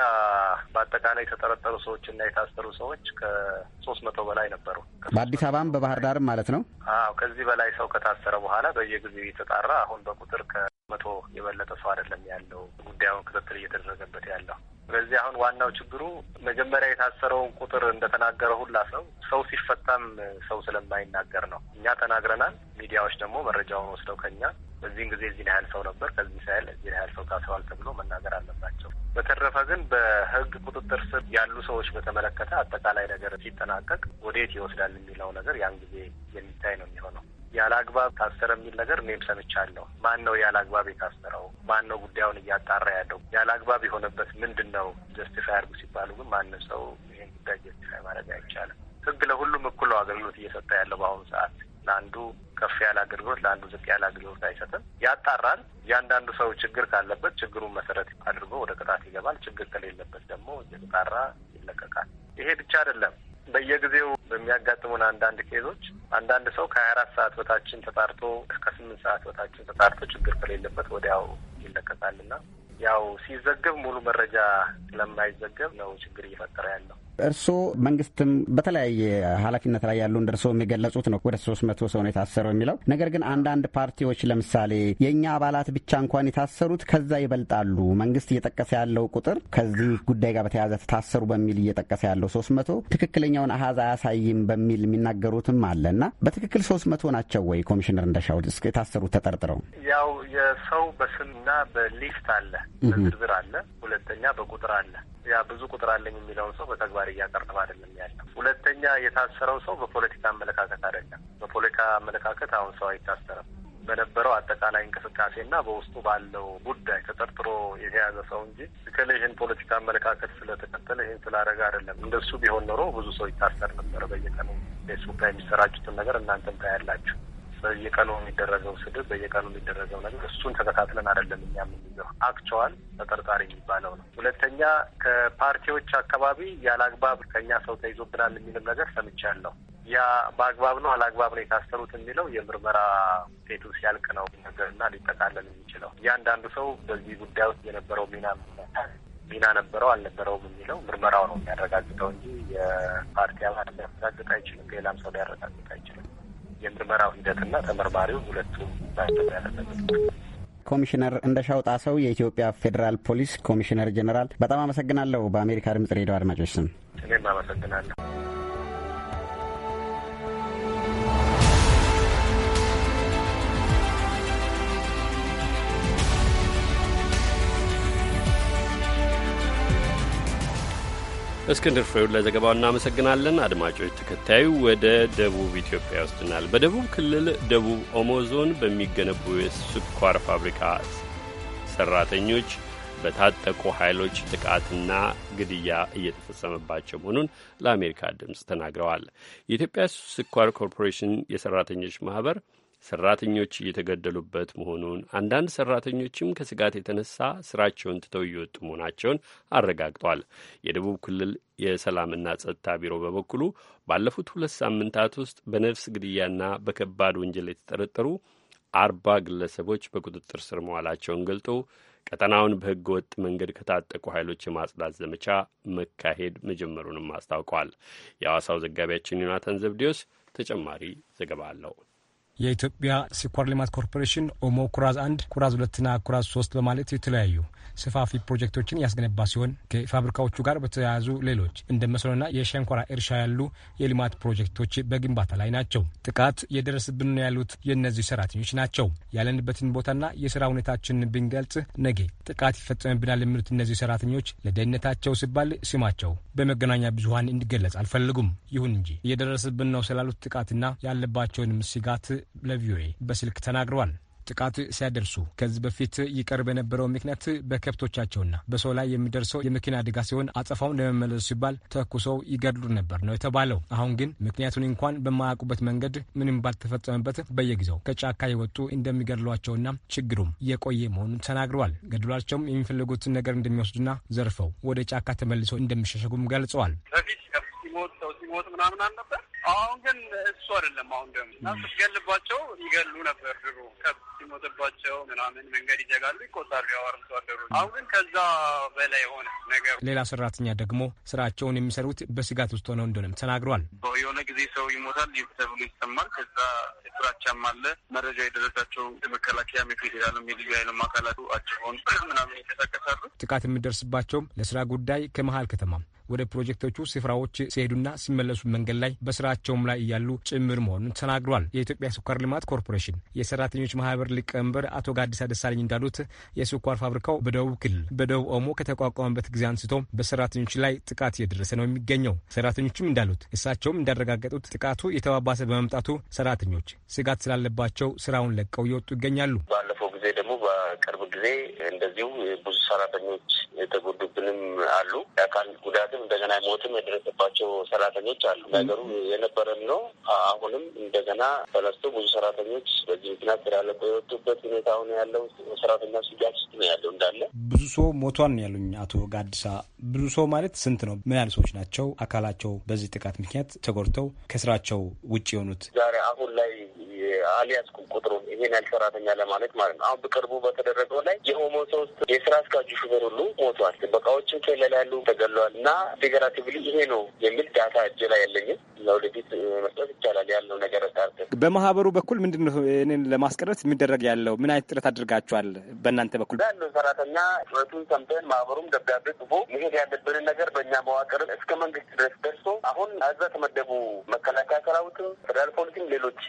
በአጠቃላይ የተጠረጠሩ ሰዎች እና የታሰሩ ሰዎች ከሶስት መቶ በላይ ነበሩ። በአዲስ አበባም በባህር ዳርም ማለት ነው። አዎ ከዚህ በላይ ሰው ከታሰረ በኋላ በየጊዜው የተጣራ አሁን በቁጥር ከመቶ የበለጠ ሰው አይደለም ያለው ጉዳዩን ክትትል እየተደረገበት ያለው ስለዚህ አሁን ዋናው ችግሩ መጀመሪያ የታሰረውን ቁጥር እንደተናገረ ሁላ ሰው ሰው ሲፈታም ሰው ስለማይናገር ነው። እኛ ተናግረናል። ሚዲያዎች ደግሞ መረጃውን ወስደው ከኛ በዚህን ጊዜ እዚህ ያህል ሰው ነበር፣ ከዚህ ሳይል እዚህ ያህል ሰው ታስሯል ተብሎ መናገር አለባቸው። በተረፈ ግን በህግ ቁጥጥር ስር ያሉ ሰዎች በተመለከተ አጠቃላይ ነገር ሲጠናቀቅ ወዴት ይወስዳል የሚለው ነገር ያን ጊዜ የሚታይ ነው የሚሆነው። ያለ አግባብ ታሰረ የሚል ነገር እኔም ሰምቻለሁ። ማን ነው ያለ አግባብ የታሰረው? ማን ነው ጉዳዩን እያጣራ ያለው? ያለ አግባብ የሆነበት ምንድን ነው? ጀስቲፋይ አድርጉ ሲባሉ ግን ማንም ሰው ይህን ጉዳይ ጀስቲፋይ ማድረግ አይቻልም። ህግ ለሁሉም እኩል ነው አገልግሎት እየሰጠ ያለው በአሁኑ ሰዓት ለአንዱ ከፍ ያለ አገልግሎት ለአንዱ ዝቅ ያለ አገልግሎት አይሰጥም። ያጣራል። እያንዳንዱ ሰው ችግር ካለበት ችግሩን መሰረት አድርጎ ወደ ቅጣት ይገባል። ችግር ከሌለበት ደግሞ እየተጣራ ይለቀቃል። ይሄ ብቻ አይደለም። በየጊዜው በሚያጋጥሙን አንዳንድ ኬዞች አንዳንድ ሰው ከሀያ አራት ሰዓት በታችን ተጣርቶ ስምንት ሰዓት በታችን ተጣርቶ ችግር ከሌለበት ወዲያው ይለቀቃልና ያው ሲዘገብ ሙሉ መረጃ ስለማይዘገብ ነው ችግር እየፈጠረ ያለው። እርስዎ መንግስትም በተለያየ ኃላፊነት ላይ ያሉ እንደ እርስዎ የሚገለጹት ነው ወደ ሶስት መቶ ሰው ነው የታሰረው የሚለው ነገር ግን አንዳንድ ፓርቲዎች ለምሳሌ የእኛ አባላት ብቻ እንኳን የታሰሩት ከዛ ይበልጣሉ። መንግስት እየጠቀሰ ያለው ቁጥር ከዚህ ጉዳይ ጋር በተያያዘ ታሰሩ በሚል እየጠቀሰ ያለው ሶስት መቶ ትክክለኛውን አሀዝ አያሳይም በሚል የሚናገሩትም አለ እና በትክክል ሶስት መቶ ናቸው ወይ ኮሚሽነር እንደሻው የታሰሩት ተጠርጥረው? ያው የሰው በስምና በሊስት አለ፣ በዝርዝር አለ፣ ሁለተኛ በቁጥር አለ። ያ ብዙ ቁጥር አለኝ የሚለውን ሰው በተግባር እያቀረበ አይደለም ያለው። ሁለተኛ የታሰረው ሰው በፖለቲካ አመለካከት አይደለም። በፖለቲካ አመለካከት አሁን ሰው አይታሰርም። በነበረው አጠቃላይ እንቅስቃሴና በውስጡ ባለው ጉዳይ ተጠርጥሮ የተያዘ ሰው እንጂ እከሌ ይህን ፖለቲካ አመለካከት ስለተከተለ ይህን ስላደረገ አይደለም። እንደሱ ቢሆን ኖሮ ብዙ ሰው ይታሰር ነበረ። በየቀኑ ፌስቡክ ላይ የሚሰራጩትን ነገር እናንተም ታያላችሁ። በየቀኑ የሚደረገው ስድብ፣ በየቀኑ የሚደረገው ነገር እሱን ተከታትለን አይደለም እኛ የምንይዘው። አክቸዋል ተጠርጣሪ የሚባለው ነው። ሁለተኛ ከፓርቲዎች አካባቢ ያለ አግባብ ከእኛ ሰው ተይዞብናል የሚልም ነገር ሰምቻለሁ። ያ በአግባብ ነው አላግባብ ነው የታሰሩት የሚለው የምርመራ ውጤቱ ሲያልቅ ነው ነገርና ሊጠቃለን የሚችለው እያንዳንዱ ሰው በዚህ ጉዳይ ውስጥ የነበረው ሚና ሚና ነበረው አልነበረውም የሚለው ምርመራው ነው የሚያረጋግጠው እንጂ የፓርቲ አባል ሊያረጋግጥ አይችልም። ሌላም ሰው ሊያረጋግጥ አይችልም። የምርመራው ሂደትና ተመርማሪው ሁለቱ ናቸው ያለበት ኮሚሽነር እንደሻው ጣሰው የኢትዮጵያ ፌዴራል ፖሊስ ኮሚሽነር ጀኔራል፣ በጣም አመሰግናለሁ። በአሜሪካ ድምጽ ሬዲዮ አድማጮች ስም እኔም አመሰግናለሁ። እስክንድር ፍሬውን ለዘገባው እናመሰግናለን። አድማጮች፣ ተከታዩ ወደ ደቡብ ኢትዮጵያ ይወስድናል። በደቡብ ክልል ደቡብ ኦሞ ዞን በሚገነቡ የስኳር ፋብሪካ ሰራተኞች በታጠቁ ኃይሎች ጥቃትና ግድያ እየተፈጸመባቸው መሆኑን ለአሜሪካ ድምፅ ተናግረዋል። የኢትዮጵያ ስኳር ኮርፖሬሽን የሰራተኞች ማህበር ሰራተኞች እየተገደሉበት መሆኑን አንዳንድ ሰራተኞችም ከስጋት የተነሳ ስራቸውን ትተው እየወጡ መሆናቸውን አረጋግጧል። የደቡብ ክልል የሰላምና ጸጥታ ቢሮ በበኩሉ ባለፉት ሁለት ሳምንታት ውስጥ በነፍስ ግድያና በከባድ ወንጀል የተጠረጠሩ አርባ ግለሰቦች በቁጥጥር ስር መዋላቸውን ገልጦ ቀጠናውን በሕገ ወጥ መንገድ ከታጠቁ ኃይሎች የማጽዳት ዘመቻ መካሄድ መጀመሩንም አስታውቋል። የአዋሳው ዘጋቢያችን ዮናታን ዘብዴዎስ ተጨማሪ ዘገባ አለው። የኢትዮጵያ ስኳር ልማት ኮርፖሬሽን ኦሞ ኩራዝ አንድ ኩራዝ ሁለትና ኩራዝ ሶስት በማለት የተለያዩ ሰፋፊ ፕሮጀክቶችን ያስገነባ ሲሆን ከፋብሪካዎቹ ጋር በተያያዙ ሌሎች እንደ መስኖና የሸንኮራ እርሻ ያሉ የልማት ፕሮጀክቶች በግንባታ ላይ ናቸው። ጥቃት የደረስብን ነው ያሉት የእነዚህ ሰራተኞች ናቸው። ያለንበትን ቦታና የስራ ሁኔታችንን ብንገልጽ ነገ ጥቃት ይፈጸምብናል የሚሉት እነዚህ ሰራተኞች ለደህንነታቸው ሲባል ስማቸው በመገናኛ ብዙኃን እንዲገለጽ አልፈልጉም። ይሁን እንጂ የደረስብን ነው ስላሉት ጥቃትና ያለባቸውንም ስጋት ለቪኦኤ በስልክ ተናግረዋል። ጥቃት ሲያደርሱ ከዚህ በፊት ይቀርብ የነበረው ምክንያት በከብቶቻቸውና በሰው ላይ የሚደርሰው የመኪና አደጋ ሲሆን አጸፋውን ለመመለሱ ሲባል ተኩሰው ይገድሉ ነበር ነው የተባለው። አሁን ግን ምክንያቱን እንኳን በማያውቁበት መንገድ ምንም ባልተፈጸመበት በየጊዜው ከጫካ የወጡ እንደሚገድሏቸውና ችግሩም የቆየ መሆኑን ተናግረዋል። ገድሏቸውም የሚፈልጉትን ነገር እንደሚወስዱና ዘርፈው ወደ ጫካ ተመልሰው እንደሚሸሸጉም ገልጸዋል። መሞት ምናምን አልነበር። አሁን ግን እሱ አይደለም። አሁን ደግሞ እና ስትገልባቸው ይገሉ ነበር። ድሮ ከብት ሲሞትባቸው ምናምን መንገድ ይዘጋሉ፣ ይቆጣሉ፣ ያዋርሱ አደሩ። አሁን ግን ከዛ በላይ የሆነ ነገር። ሌላ ሰራተኛ ደግሞ ስራቸውን የሚሰሩት በስጋት ውስጥ ሆነው እንደሆነም ተናግሯል። የሆነ ጊዜ ሰው ይሞታል ተብሎ ይሰማል። ከዛ ስራቻም አለ መረጃ የደረሳቸው የመከላከያ ሚፌዴራል የልዩ ኃይልም አካላቱ አቸውን ምናምን ይንቀሳቀሳሉ። ጥቃት የሚደርስባቸውም ለስራ ጉዳይ ከመሀል ከተማ ወደ ፕሮጀክቶቹ ስፍራዎች ሲሄዱና ሲመለሱ መንገድ ላይ በስራቸውም ላይ እያሉ ጭምር መሆኑን ተናግሯል። የኢትዮጵያ ስኳር ልማት ኮርፖሬሽን የሰራተኞች ማህበር ሊቀመንበር አቶ ጋዲሳ ደሳለኝ እንዳሉት የስኳር ፋብሪካው በደቡብ ክልል በደቡብ ኦሞ ከተቋቋመበት ጊዜ አንስቶ በሰራተኞች ላይ ጥቃት እየደረሰ ነው የሚገኘው። ሰራተኞችም እንዳሉት እሳቸውም እንዳረጋገጡት ጥቃቱ የተባባሰ በመምጣቱ ሰራተኞች ስጋት ስላለባቸው ስራውን ለቀው እየወጡ ይገኛሉ። ባለፈው ጊዜ ደግሞ በቅርብ ጊዜ እንደዚሁ ብዙ ሰራተኞች የተጎዱብንም አሉ። የአካል ጉዳትም እንደገና ሞትም የደረሰባቸው ሰራተኞች አሉ። ነገሩ የነበረም ነው። አሁንም እንደገና ተነስቶ ብዙ ሰራተኞች በዚህ ምክንያት ስላለቆ የወጡበት ሁኔታ አሁን ያለው ሰራተኛ ስጋት ውስጥ ነው ያለው እንዳለ ብዙ ሰው ሞቷን ያሉኝ አቶ ጋዲሳ። ብዙ ሰው ማለት ስንት ነው? ምን ያህል ሰዎች ናቸው አካላቸው በዚህ ጥቃት ምክንያት ተጎድተው ከስራቸው ውጭ የሆኑት ዛሬ አሁን ላይ አልያዝኩም ቁጥሩን ይሄን ያህል ሰራተኛ ለማለት ማለት ነው። አሁን በቅርቡ በተደረገው ላይ የኦሞ ሶስት የስራ አስኪያጁ ሹፌር ሁሉ ሞቷል፣ ጥበቃዎችን ያሉ ተገለዋል። እና ፌዴራቲቭሊ ይሄ ነው የሚል ዳታ እጅ ላይ ያለኝም ለወደፊት መስጠት ይቻላል ያለው ነገር ጣርተ በማህበሩ በኩል ምንድን ነው እኔን ለማስቀረት የሚደረግ ያለው ምን አይነት ጥረት አድርጋችኋል? በእናንተ በኩል ያለው ሰራተኛ ጥረቱን ሰምተን ማህበሩም ደብዳቤ ጽፎ መሄድ ያለብንን ነገር በእኛ መዋቅር እስከ መንግስት ድረስ ደርሶ አሁን አዛ ተመደቡ መከላከያ ሰራዊትም ፌዴራል ፖሊስም ሌሎች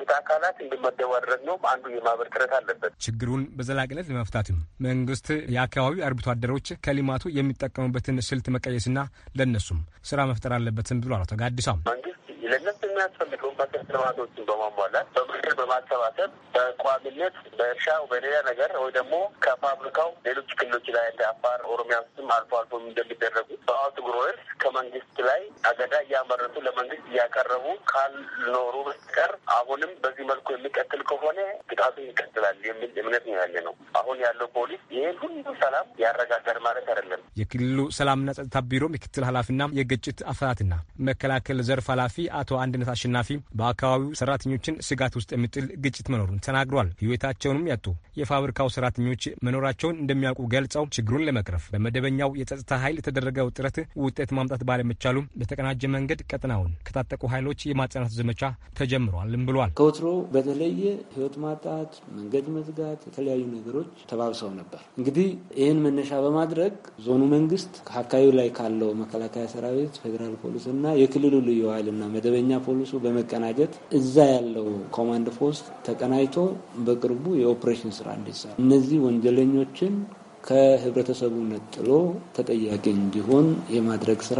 የሚመለከቱት አካላት እንዲመደቡ ነው አንዱ የማህበር ጥረት አለበት። ችግሩን በዘላቂነት ለመፍታትም መንግስት የአካባቢው አርብቶ አደሮች ከሊማቱ የሚጠቀሙበትን ስልት መቀየስና ለእነሱም ስራ መፍጠር አለበትም ብሎ አቶ ጋዲሳም መንግስት ለእነሱ የሚያስፈልገውን መሰረተ ልማቶችን በማሟላት በምክር በማሰባሰብ በቋሚነት በእርሻው በሌላ ነገር ወይ ደግሞ ከፋብሪካው ሌሎች ክልሎች ላይ እንደ አፋር፣ ኦሮሚያ ውስጥም አልፎ አልፎ እንደሚደረጉ በአዋቱ ግሮወርስ ከመንግስት ላይ አገዳ እያመረቱ ለመንግስት እያቀረቡ ካልኖሩ በስተቀር አሁንም በዚህ መልኩ የሚቀጥል ከሆነ ጥቃቱ ይቀጥላል የሚል እምነት ነው ያለ ነው። አሁን ያለው ፖሊስ ይህን ሁሉ ሰላም ያረጋጋል ማለት አይደለም። የክልሉ ሰላምና ጸጥታ ቢሮ ምክትል ኃላፊና የግጭት አፈታትና መከላከል ዘርፍ ኃላፊ አቶ አንድነት አሸናፊ በአካባቢው ሰራተኞችን ስጋት ውስጥ የሚጥል ግጭት መኖሩን ተናግሯል። ህይወታቸውንም ያጡ የፋብሪካው ሰራተኞች መኖራቸውን እንደሚያውቁ ገልጸው ችግሩን ለመቅረፍ በመደበኛው የጸጥታ ኃይል የተደረገው ጥረት ውጤት ማምጣት ባለመቻሉ በተቀናጀ መንገድ ቀጠናውን ከታጠቁ ኃይሎች የማጽናት ዘመቻ ተጀምሯልም ብሏል። ከወትሮ በተለየ ህይወት ማጣት፣ መንገድ መዝጋት፣ የተለያዩ ነገሮች ተባብሰው ነበር። እንግዲህ ይህን መነሻ በማድረግ ዞኑ መንግስት ከአካባቢው ላይ ካለው መከላከያ ሰራዊት፣ ፌዴራል ፖሊስ እና የክልሉ ልዩ ኃይልና መደ መደበኛ ፖሊሱ በመቀናጀት እዛ ያለው ኮማንድ ፖስት ተቀናጅቶ በቅርቡ የኦፕሬሽን ስራ እንዲሰራ እነዚህ ወንጀለኞችን ከህብረተሰቡ ነጥሎ ተጠያቂ እንዲሆን የማድረግ ስራ፣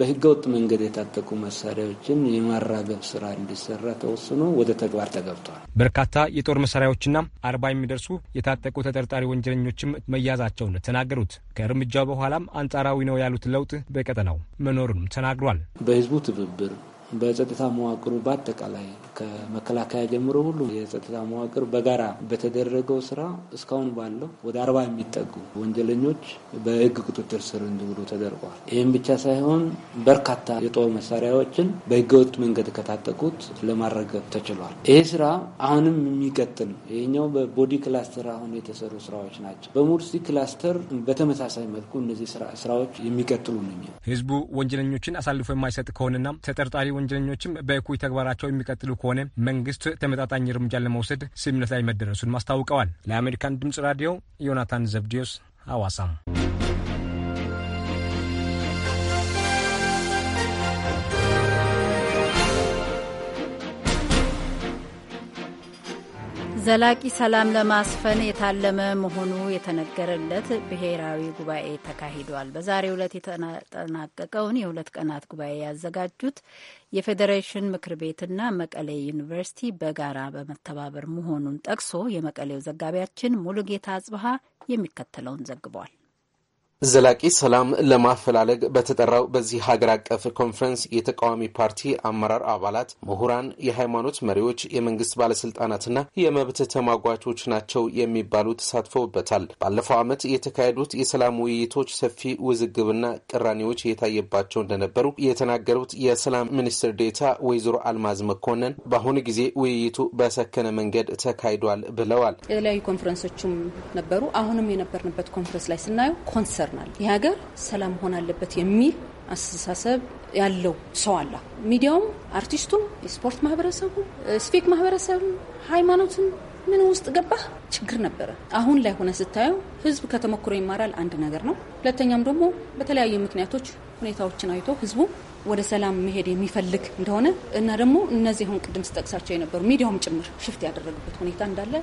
በህገወጥ መንገድ የታጠቁ መሳሪያዎችን የማራገብ ስራ እንዲሰራ ተወስኖ ወደ ተግባር ተገብቷል። በርካታ የጦር መሳሪያዎችና አርባ የሚደርሱ የታጠቁ ተጠርጣሪ ወንጀለኞችም መያዛቸውን ተናገሩት። ከእርምጃው በኋላም አንጻራዊ ነው ያሉት ለውጥ በቀጠናው መኖሩንም ተናግሯል። በህዝቡ ትብብር በጸጥታ መዋቅሩ በአጠቃላይ ከመከላከያ ጀምሮ ሁሉ የጸጥታ መዋቅር በጋራ በተደረገው ስራ እስካሁን ባለው ወደ አርባ የሚጠጉ ወንጀለኞች በህግ ቁጥጥር ስር እንዲውሉ ተደርጓል። ይህም ብቻ ሳይሆን በርካታ የጦር መሳሪያዎችን በህገወጥ መንገድ ከታጠቁት ለማረገብ ተችሏል። ይህ ስራ አሁንም የሚቀጥል ይህኛው በቦዲ ክላስተር አሁን የተሰሩ ስራዎች ናቸው። በሙርሲ ክላስተር በተመሳሳይ መልኩ እነዚህ ስራዎች የሚቀጥሉ ነው። ህዝቡ ወንጀለኞችን አሳልፎ የማይሰጥ ከሆነና ተጠርጣሪ ወንጀለኞችም በእኩይ ተግባራቸው የሚቀጥሉ ከሆነ መንግስት ተመጣጣኝ እርምጃ ለመውሰድ ስምምነት ላይ መደረሱን ማስታውቀዋል። ለአሜሪካን ድምጽ ራዲዮ ዮናታን ዘብዲዮስ አዋሳም። ዘላቂ ሰላም ለማስፈን የታለመ መሆኑ የተነገረለት ብሔራዊ ጉባኤ ተካሂዷል። በዛሬው ዕለት የተጠናቀቀውን የሁለት ቀናት ጉባኤ ያዘጋጁት የፌዴሬሽን ምክር ቤትና መቀሌ ዩኒቨርሲቲ በጋራ በመተባበር መሆኑን ጠቅሶ የመቀሌው ዘጋቢያችን ሙሉጌታ አጽብሃ የሚከተለውን ዘግቧል። ዘላቂ ሰላም ለማፈላለግ በተጠራው በዚህ ሀገር አቀፍ ኮንፈረንስ የተቃዋሚ ፓርቲ አመራር አባላት፣ ምሁራን፣ የሃይማኖት መሪዎች፣ የመንግስት ባለስልጣናትና የመብት ተሟጓቾች ናቸው የሚባሉ ተሳትፈውበታል። ባለፈው ዓመት የተካሄዱት የሰላም ውይይቶች ሰፊ ውዝግብና ቅራኔዎች የታየባቸው እንደነበሩ የተናገሩት የሰላም ሚኒስትር ዴታ ወይዘሮ አልማዝ መኮንን በአሁኑ ጊዜ ውይይቱ በሰከነ መንገድ ተካሂዷል ብለዋል። የተለያዩ ኮንፈረንሶችም ነበሩ። አሁንም የነበርንበት ኮንፈረንስ ላይ ስናየው ኮንሰር ያሰለጥናል። ይህ ሀገር ሰላም መሆን አለበት የሚል አስተሳሰብ ያለው ሰው አለ። ሚዲያውም፣ አርቲስቱም፣ የስፖርት ማህበረሰቡ፣ ስፌክ ማህበረሰብ፣ ሃይማኖትም ምን ውስጥ ገባህ ችግር ነበረ። አሁን ላይ ሆነ ስታየው ህዝብ ከተሞክሮ ይማራል። አንድ ነገር ነው። ሁለተኛም ደግሞ በተለያዩ ምክንያቶች ሁኔታዎችን አይቶ ህዝቡ ወደ ሰላም መሄድ የሚፈልግ እንደሆነ እና ደግሞ እነዚህ አሁን ቅድም ስጠቅሳቸው የነበሩ ሚዲያውም ጭምር ሽፍት ያደረግበት ሁኔታ እንዳለ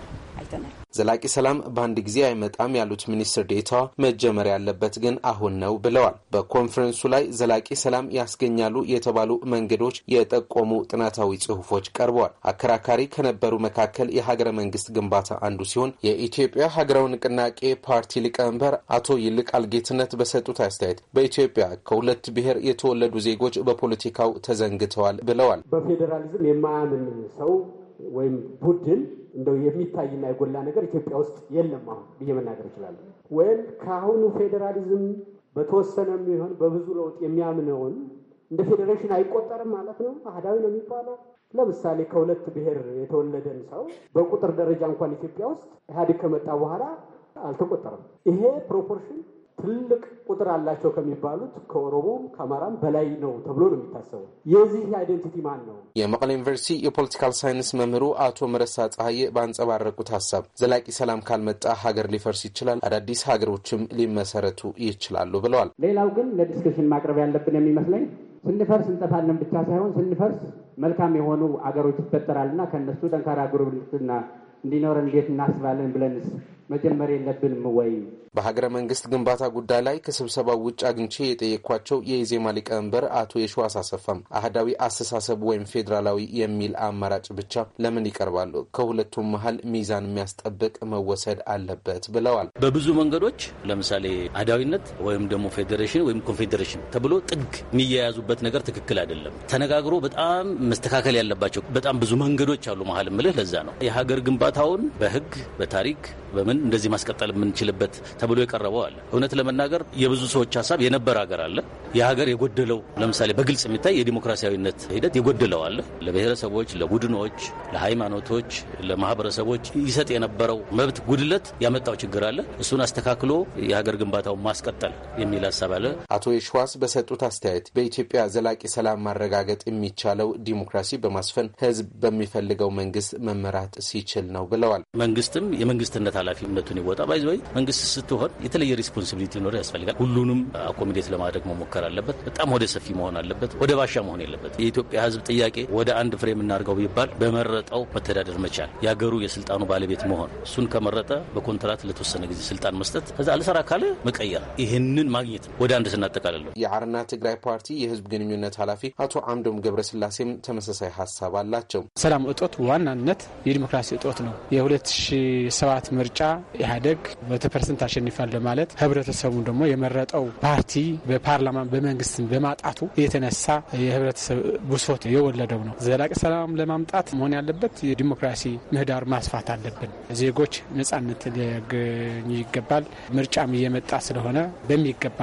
አይተናል። ዘላቂ ሰላም በአንድ ጊዜ አይመጣም ያሉት ሚኒስትር ዴታዋ መጀመር ያለበት ግን አሁን ነው ብለዋል። በኮንፈረንሱ ላይ ዘላቂ ሰላም ያስገኛሉ የተባሉ መንገዶች የጠቆሙ ጥናታዊ ጽሑፎች ቀርበዋል። አከራካሪ ከነበሩ መካከል የሀገረ መንግስት ግንባታ አንዱ ሲሆን የኢትዮጵያ ሀገራዊ ንቅናቄ ፓርቲ ሊቀመንበር አቶ ይልቃል ጌትነት በሰጡት አስተያየት በኢትዮጵያ ከሁለት ብሔር የተወለዱ ዜጎች ሰዎች በፖለቲካው ተዘንግተዋል ብለዋል። በፌዴራሊዝም የማያምን ሰው ወይም ቡድን እንደው የሚታይና የጎላ ነገር ኢትዮጵያ ውስጥ የለም አሁን ብዬ መናገር እችላለሁ። ወይም ከአሁኑ ፌዴራሊዝም በተወሰነ የሚሆን በብዙ ለውጥ የሚያምነውን እንደ ፌዴሬሽን አይቆጠርም ማለት ነው። አህዳዊ ነው የሚባለው። ለምሳሌ ከሁለት ብሔር የተወለደን ሰው በቁጥር ደረጃ እንኳን ኢትዮጵያ ውስጥ ኢህአዴግ ከመጣ በኋላ አልተቆጠረም። ይሄ ፕሮፖርሽን ትልቅ ቁጥር አላቸው ከሚባሉት ከኦሮሞም ከአማራም በላይ ነው ተብሎ ነው የሚታሰበው። የዚህ አይደንቲቲ ማን ነው? የመቀሌ ዩኒቨርሲቲ የፖለቲካል ሳይንስ መምህሩ አቶ መረሳ ፀሐዬ ባንጸባረቁት ሀሳብ ዘላቂ ሰላም ካልመጣ ሀገር ሊፈርስ ይችላል፣ አዳዲስ ሀገሮችም ሊመሰረቱ ይችላሉ ብለዋል። ሌላው ግን ለዲስከሽን ማቅረብ ያለብን የሚመስለኝ ስንፈርስ እንጠፋለን ብቻ ሳይሆን ስንፈርስ መልካም የሆኑ አገሮች ይፈጠራልና ከእነሱ ጠንካራ ጉርብትና እንዲኖረን እንዴት እናስባለን ብለንስ መጀመር የለብንም ወይ? በሀገረ መንግስት ግንባታ ጉዳይ ላይ ከስብሰባው ውጭ አግኝቼ የጠየኳቸው የኢዜማ ሊቀመንበር አቶ የሸዋስ አሰፋም አህዳዊ አስተሳሰብ ወይም ፌዴራላዊ የሚል አማራጭ ብቻ ለምን ይቀርባሉ? ከሁለቱም መሀል ሚዛን የሚያስጠብቅ መወሰድ አለበት ብለዋል። በብዙ መንገዶች ለምሳሌ አህዳዊነት ወይም ደግሞ ፌዴሬሽን ወይም ኮንፌዴሬሽን ተብሎ ጥግ የሚያያዙበት ነገር ትክክል አይደለም። ተነጋግሮ በጣም መስተካከል ያለባቸው በጣም ብዙ መንገዶች አሉ መሀል ምልህ ለዛ ነው የሀገር ግንባታውን በህግ በታሪክ በምን እንደዚህ ማስቀጠል የምንችልበት ተብሎ የቀረበው አለ። እውነት ለመናገር የብዙ ሰዎች ሀሳብ የነበረ ሀገር አለ። የሀገር የጎደለው ለምሳሌ በግልጽ የሚታይ የዲሞክራሲያዊነት ሂደት የጎደለው አለ። ለብሔረሰቦች፣ ለቡድኖች፣ ለሃይማኖቶች፣ ለማህበረሰቦች ይሰጥ የነበረው መብት ጉድለት ያመጣው ችግር አለ። እሱን አስተካክሎ የሀገር ግንባታውን ማስቀጠል የሚል ሀሳብ አለ። አቶ የሸዋስ በሰጡት አስተያየት በኢትዮጵያ ዘላቂ ሰላም ማረጋገጥ የሚቻለው ዲሞክራሲ በማስፈን ህዝብ በሚፈልገው መንግስት መመራት ሲችል ነው ብለዋል። መንግስትም የመንግስትነት ኃላፊ ኃላፊነቱን ይወጣ ባይዘ መንግስት ስትሆን የተለየ ሪስፖንሲቢሊቲ ሊኖር ያስፈልጋል። ሁሉንም አኮሚዴት ለማድረግ መሞከር አለበት። በጣም ወደ ሰፊ መሆን አለበት። ወደ ባሻ መሆን የለበት። የኢትዮጵያ ህዝብ ጥያቄ ወደ አንድ ፍሬም የምናደርገው ቢባል በመረጠው መተዳደር መቻል፣ የሀገሩ የስልጣኑ ባለቤት መሆን፣ እሱን ከመረጠ በኮንትራት ለተወሰነ ጊዜ ስልጣን መስጠት፣ ከዛ አልሰራ ካለ መቀየር፣ ይህንን ማግኘት ወደ አንድ ስናጠቃልለው የአረና ትግራይ ፓርቲ የህዝብ ግንኙነት ኃላፊ አቶ አምዶም ገብረስላሴም ተመሳሳይ ሀሳብ አላቸው። ሰላም እጦት ዋናነት የዲሞክራሲ እጦት ነው። የ2007 ምርጫ ኢህአዴግ መቶ ፐርሰንት አሸንፋል ለማለት ህብረተሰቡ ደግሞ የመረጠው ፓርቲ በፓርላማ በመንግስት በማጣቱ የተነሳ የህብረተሰብ ብሶት የወለደው ነው። ዘላቂ ሰላም ለማምጣት መሆን ያለበት የዲሞክራሲ ምህዳር ማስፋት አለብን። ዜጎች ነጻነት ሊያገኙ ይገባል። ምርጫም እየመጣ ስለሆነ በሚገባ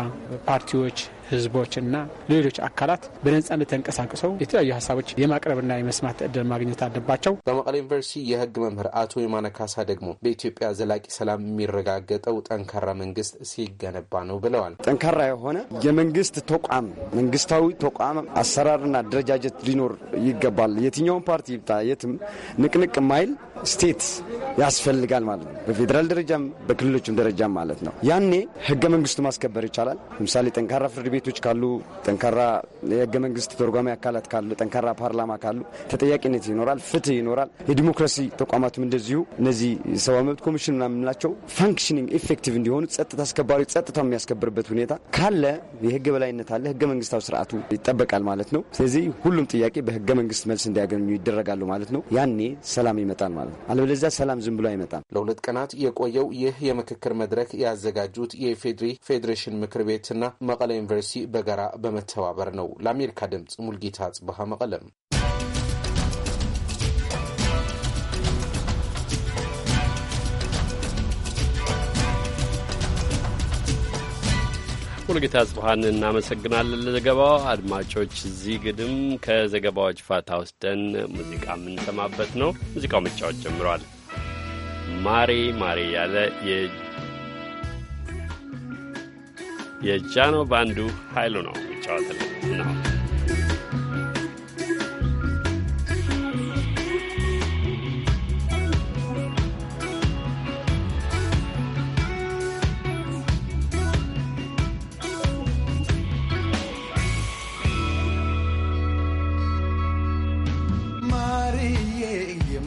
ፓርቲዎች ህዝቦችና ሌሎች አካላት በነጻነት ተንቀሳቅሰው የተለያዩ ሀሳቦች የማቅረብና የመስማት እድል ማግኘት አለባቸው። በመቀሌ ዩኒቨርሲቲ የህግ መምህር አቶ የማነ ካሳ ደግሞ በኢትዮጵያ ዘላቂ ሰላም የሚረጋገጠው ጠንካራ መንግስት ሲገነባ ነው ብለዋል። ጠንካራ የሆነ የመንግስት ተቋም መንግስታዊ ተቋም አሰራርና አደረጃጀት ሊኖር ይገባል። የትኛውን ፓርቲ ይምጣ የትም ንቅንቅ ማይል ስቴት ያስፈልጋል ማለት ነው። በፌዴራል ደረጃም በክልሎችም ደረጃም ማለት ነው። ያኔ ህገ መንግስቱ ማስከበር ይቻላል። ለምሳሌ ጠንካራ ፍርድ ቤት ቤቶች ካሉ፣ ጠንካራ የህገ መንግስት ተርጓሚ አካላት ካሉ፣ ጠንካራ ፓርላማ ካሉ ተጠያቂነት ይኖራል፣ ፍትህ ይኖራል። የዲሞክራሲ ተቋማትም እንደዚሁ እነዚህ ሰብአዊ መብት ኮሚሽን ምናምንላቸው ፋንክሽኒንግ ኢፌክቲቭ እንዲሆኑ ጸጥታ አስከባሪ ጸጥታ የሚያስከብርበት ሁኔታ ካለ የህገ በላይነት አለ፣ ህገ መንግስታዊ ስርዓቱ ይጠበቃል ማለት ነው። ስለዚህ ሁሉም ጥያቄ በህገ መንግስት መልስ እንዲያገኙ ይደረጋሉ ማለት ነው። ያኔ ሰላም ይመጣል ማለት ነው። አለበለዚያ ሰላም ዝም ብሎ አይመጣም። ለሁለት ቀናት የቆየው ይህ የምክክር መድረክ ያዘጋጁት የኢፌዴሪ ፌዴሬሽን ምክር ቤትና መቀለ ዩኒቨርሲቲ ፖሊሲ በጋራ በመተባበር ነው። ለአሜሪካ ድምፅ ሙልጌታ ጽብሃ መቀለም። ሙሉጌታ ጽብሃን እናመሰግናለን ለዘገባው። አድማጮች፣ እዚህ ግድም ከዘገባዎች ፋታ ወስደን ሙዚቃ የምንሰማበት ነው። ሙዚቃው መጫወት ጀምሯል። ማሬ ማሬ ያለ የጃኖ ባንዱ ኃይሉ ነው የሚጫወትልን ነው።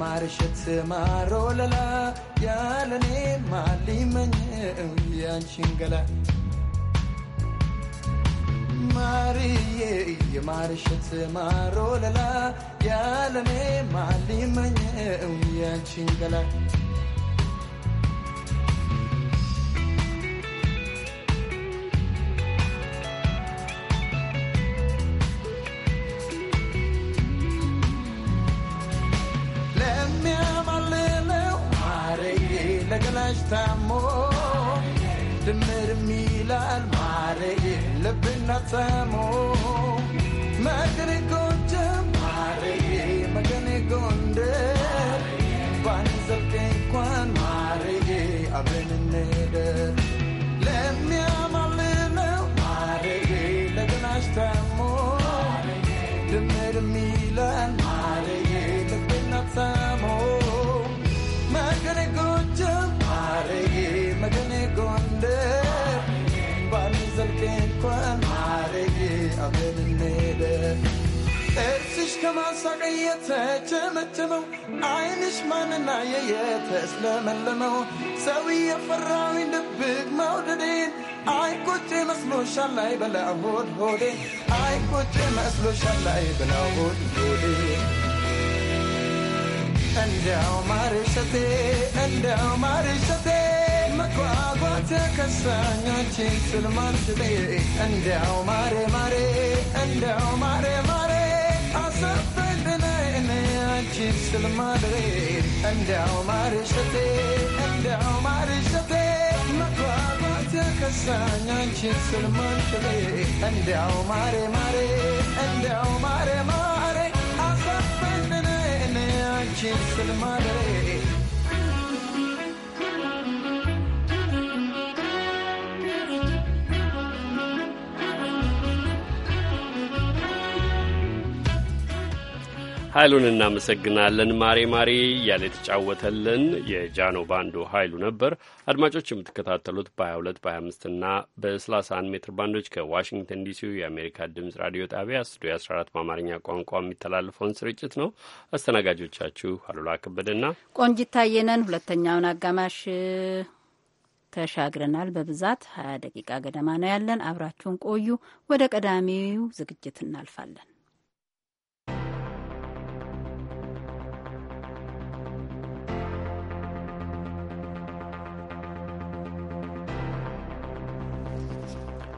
ማርሸት ማሮለላ ያለኔ ማሊመኝ ያንቺን ገላ ማርዬ የማርሸት ማሮ ለላ ያለሜ ማሊመኘው ያንቺን ገላ ለሚያማልለው ማርዬ ለገላሽ ታሞ ድምርም ሚላል ማረ ልብና ተሞ መገኔ ጎጃም ማረ መገኔ ጎንደር ባንዘልቅ እንኳን ማረ አብረን እንሂድ በሳቅ እየተቸመቸመው አይንሽ ማንና የየተስለመለመው ሰው እየፈራዊ ድብቅ መውደዴን አይ ቁጭ መስሎሻል ላይ በላ ሆድ ሆዴ አይ ቁጭ መስሎሻል ላይ በላ ሆድ ሆዴ እንዲያው ማርሸቴ እንዲያው ማርሸቴ መጓጓት ከሳኛችን ስልማንሽቴ እንዲያው ማሬ ማሬ እንዲያው ማሬ ማሬ አሰብ Kiss the Madre, and now Marisate, and now Marisate, Maquabata Casana, Kiss the Madre, and now Mare Mare, and now Mare Mare, Asa Penana, Kiss the Madre. ኃይሉን እናመሰግናለን። ማሬ ማሬ እያለ የተጫወተልን የጃኖ ባንዶ ኃይሉ ነበር። አድማጮች የምትከታተሉት በ22 በ25 እና በ31 ሜትር ባንዶች ከዋሽንግተን ዲሲው የአሜሪካ ድምፅ ራዲዮ ጣቢያ ስቱዲዮ 14 በአማርኛ ቋንቋ የሚተላለፈውን ስርጭት ነው። አስተናጋጆቻችሁ አሉላ ከበደና ቆንጂት ታየ ሁለተኛውን አጋማሽ ተሻግረናል። በብዛት 20 ደቂቃ ገደማ ነው ያለን። አብራችሁን ቆዩ። ወደ ቀዳሚው ዝግጅት እናልፋለን።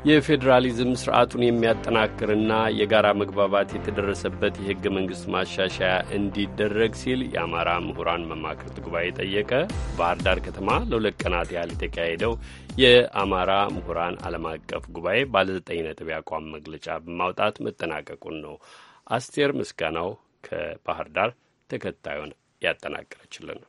የፌዴራሊዝም ስርዓቱን የሚያጠናክርና የጋራ መግባባት የተደረሰበት የህገ መንግሥት ማሻሻያ እንዲደረግ ሲል የአማራ ምሁራን መማክርት ጉባኤ ጠየቀ። ባህር ዳር ከተማ ለሁለት ቀናት ያህል የተካሄደው የአማራ ምሁራን ዓለም አቀፍ ጉባኤ ባለዘጠኝ ነጥብ የአቋም መግለጫ በማውጣት መጠናቀቁን ነው። አስቴር ምስጋናው ከባህር ዳር ተከታዩን ያጠናቀረችልን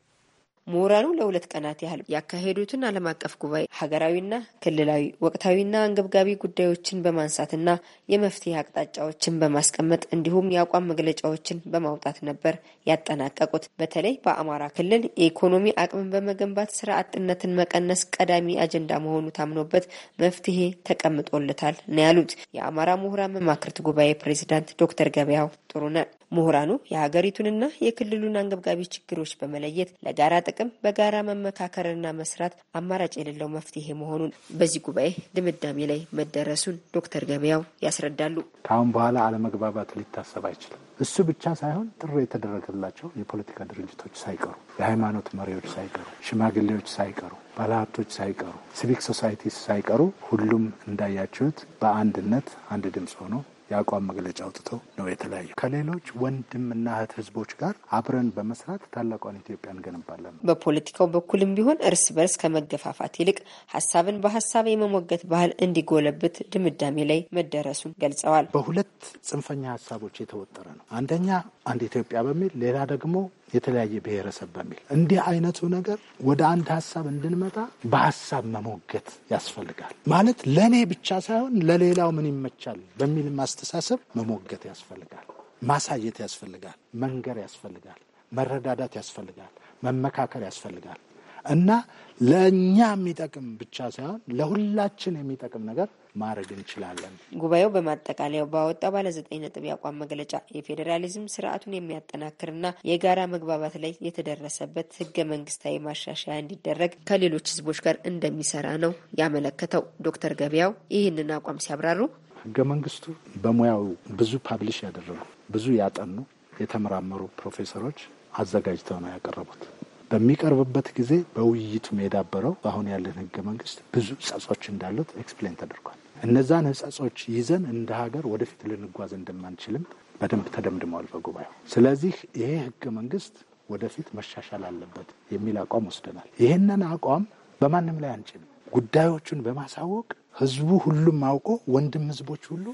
ምሁራኑ ለሁለት ቀናት ያህል ያካሄዱትን ዓለም አቀፍ ጉባኤ ሀገራዊና ክልላዊ ወቅታዊና አንገብጋቢ ጉዳዮችን በማንሳትና የመፍትሄ አቅጣጫዎችን በማስቀመጥ እንዲሁም የአቋም መግለጫዎችን በማውጣት ነበር ያጠናቀቁት። በተለይ በአማራ ክልል የኢኮኖሚ አቅምን በመገንባት ስራ አጥነትን መቀነስ ቀዳሚ አጀንዳ መሆኑ ታምኖበት መፍትሄ ተቀምጦለታል ነው ያሉት የአማራ ምሁራን መማክርት ጉባኤ ፕሬዚዳንት ዶክተር ገበያው ጥሩነህ ምሁራኑ የሀገሪቱንና የክልሉን አንገብጋቢ ችግሮች በመለየት ለጋራ ጥቅም በጋራ መመካከርና መስራት አማራጭ የሌለው መፍትሄ መሆኑን በዚህ ጉባኤ ድምዳሜ ላይ መደረሱን ዶክተር ገበያው ያስረዳሉ። ከአሁን በኋላ አለመግባባት ሊታሰብ አይችልም። እሱ ብቻ ሳይሆን ጥሪ የተደረገላቸው የፖለቲካ ድርጅቶች ሳይቀሩ፣ የሃይማኖት መሪዎች ሳይቀሩ፣ ሽማግሌዎች ሳይቀሩ፣ ባለሀብቶች ሳይቀሩ፣ ሲቪክ ሶሳይቲስ ሳይቀሩ ሁሉም እንዳያችሁት በአንድነት አንድ ድምፅ ሆኖ የአቋም መግለጫ አውጥተው ነው የተለያዩ። ከሌሎች ወንድምና እህት ህዝቦች ጋር አብረን በመስራት ታላቋን ኢትዮጵያ እንገነባለን። በፖለቲካው በኩልም ቢሆን እርስ በርስ ከመገፋፋት ይልቅ ሀሳብን በሀሳብ የመሞገት ባህል እንዲጎለብት ድምዳሜ ላይ መደረሱን ገልጸዋል። በሁለት ጽንፈኛ ሀሳቦች የተወጠረ ነው። አንደኛ አንድ ኢትዮጵያ በሚል ሌላ ደግሞ የተለያየ ብሔረሰብ በሚል እንዲህ አይነቱ ነገር ወደ አንድ ሀሳብ እንድንመጣ በሀሳብ መሞገት ያስፈልጋል። ማለት ለእኔ ብቻ ሳይሆን ለሌላው ምን ይመቻል በሚል ማስተሳሰብ መሞገት ያስፈልጋል። ማሳየት ያስፈልጋል። መንገር ያስፈልጋል። መረዳዳት ያስፈልጋል። መመካከር ያስፈልጋል እና ለእኛ የሚጠቅም ብቻ ሳይሆን ለሁላችን የሚጠቅም ነገር ማድረግ እንችላለን። ጉባኤው በማጠቃለያው ባወጣው ባለ ዘጠኝ ነጥብ የአቋም መግለጫ የፌዴራሊዝም ስርዓቱን የሚያጠናክርና የጋራ መግባባት ላይ የተደረሰበት ህገ መንግስታዊ ማሻሻያ እንዲደረግ ከሌሎች ህዝቦች ጋር እንደሚሰራ ነው ያመለከተው። ዶክተር ገበያው ይህንን አቋም ሲያብራሩ ህገ መንግስቱ በሙያው ብዙ ፓብሊሽ ያደረጉ ብዙ ያጠኑ የተመራመሩ ፕሮፌሰሮች አዘጋጅተው ነው ያቀረቡት። በሚቀርብበት ጊዜ በውይይቱ የዳበረው አሁን ያለን ህገ መንግስት ብዙ ጸጾች እንዳሉት ኤክስፕሌን ተደርጓል። እነዛን ህጸጾች ይዘን እንደ ሀገር ወደፊት ልንጓዝ እንደማንችልም በደንብ ተደምድመዋል በጉባኤው። ስለዚህ ይሄ ህገ መንግስት ወደፊት መሻሻል አለበት የሚል አቋም ወስደናል። ይህንን አቋም በማንም ላይ አንችልም። ጉዳዮቹን በማሳወቅ ህዝቡ ሁሉም አውቆ ወንድም ህዝቦች ሁሉ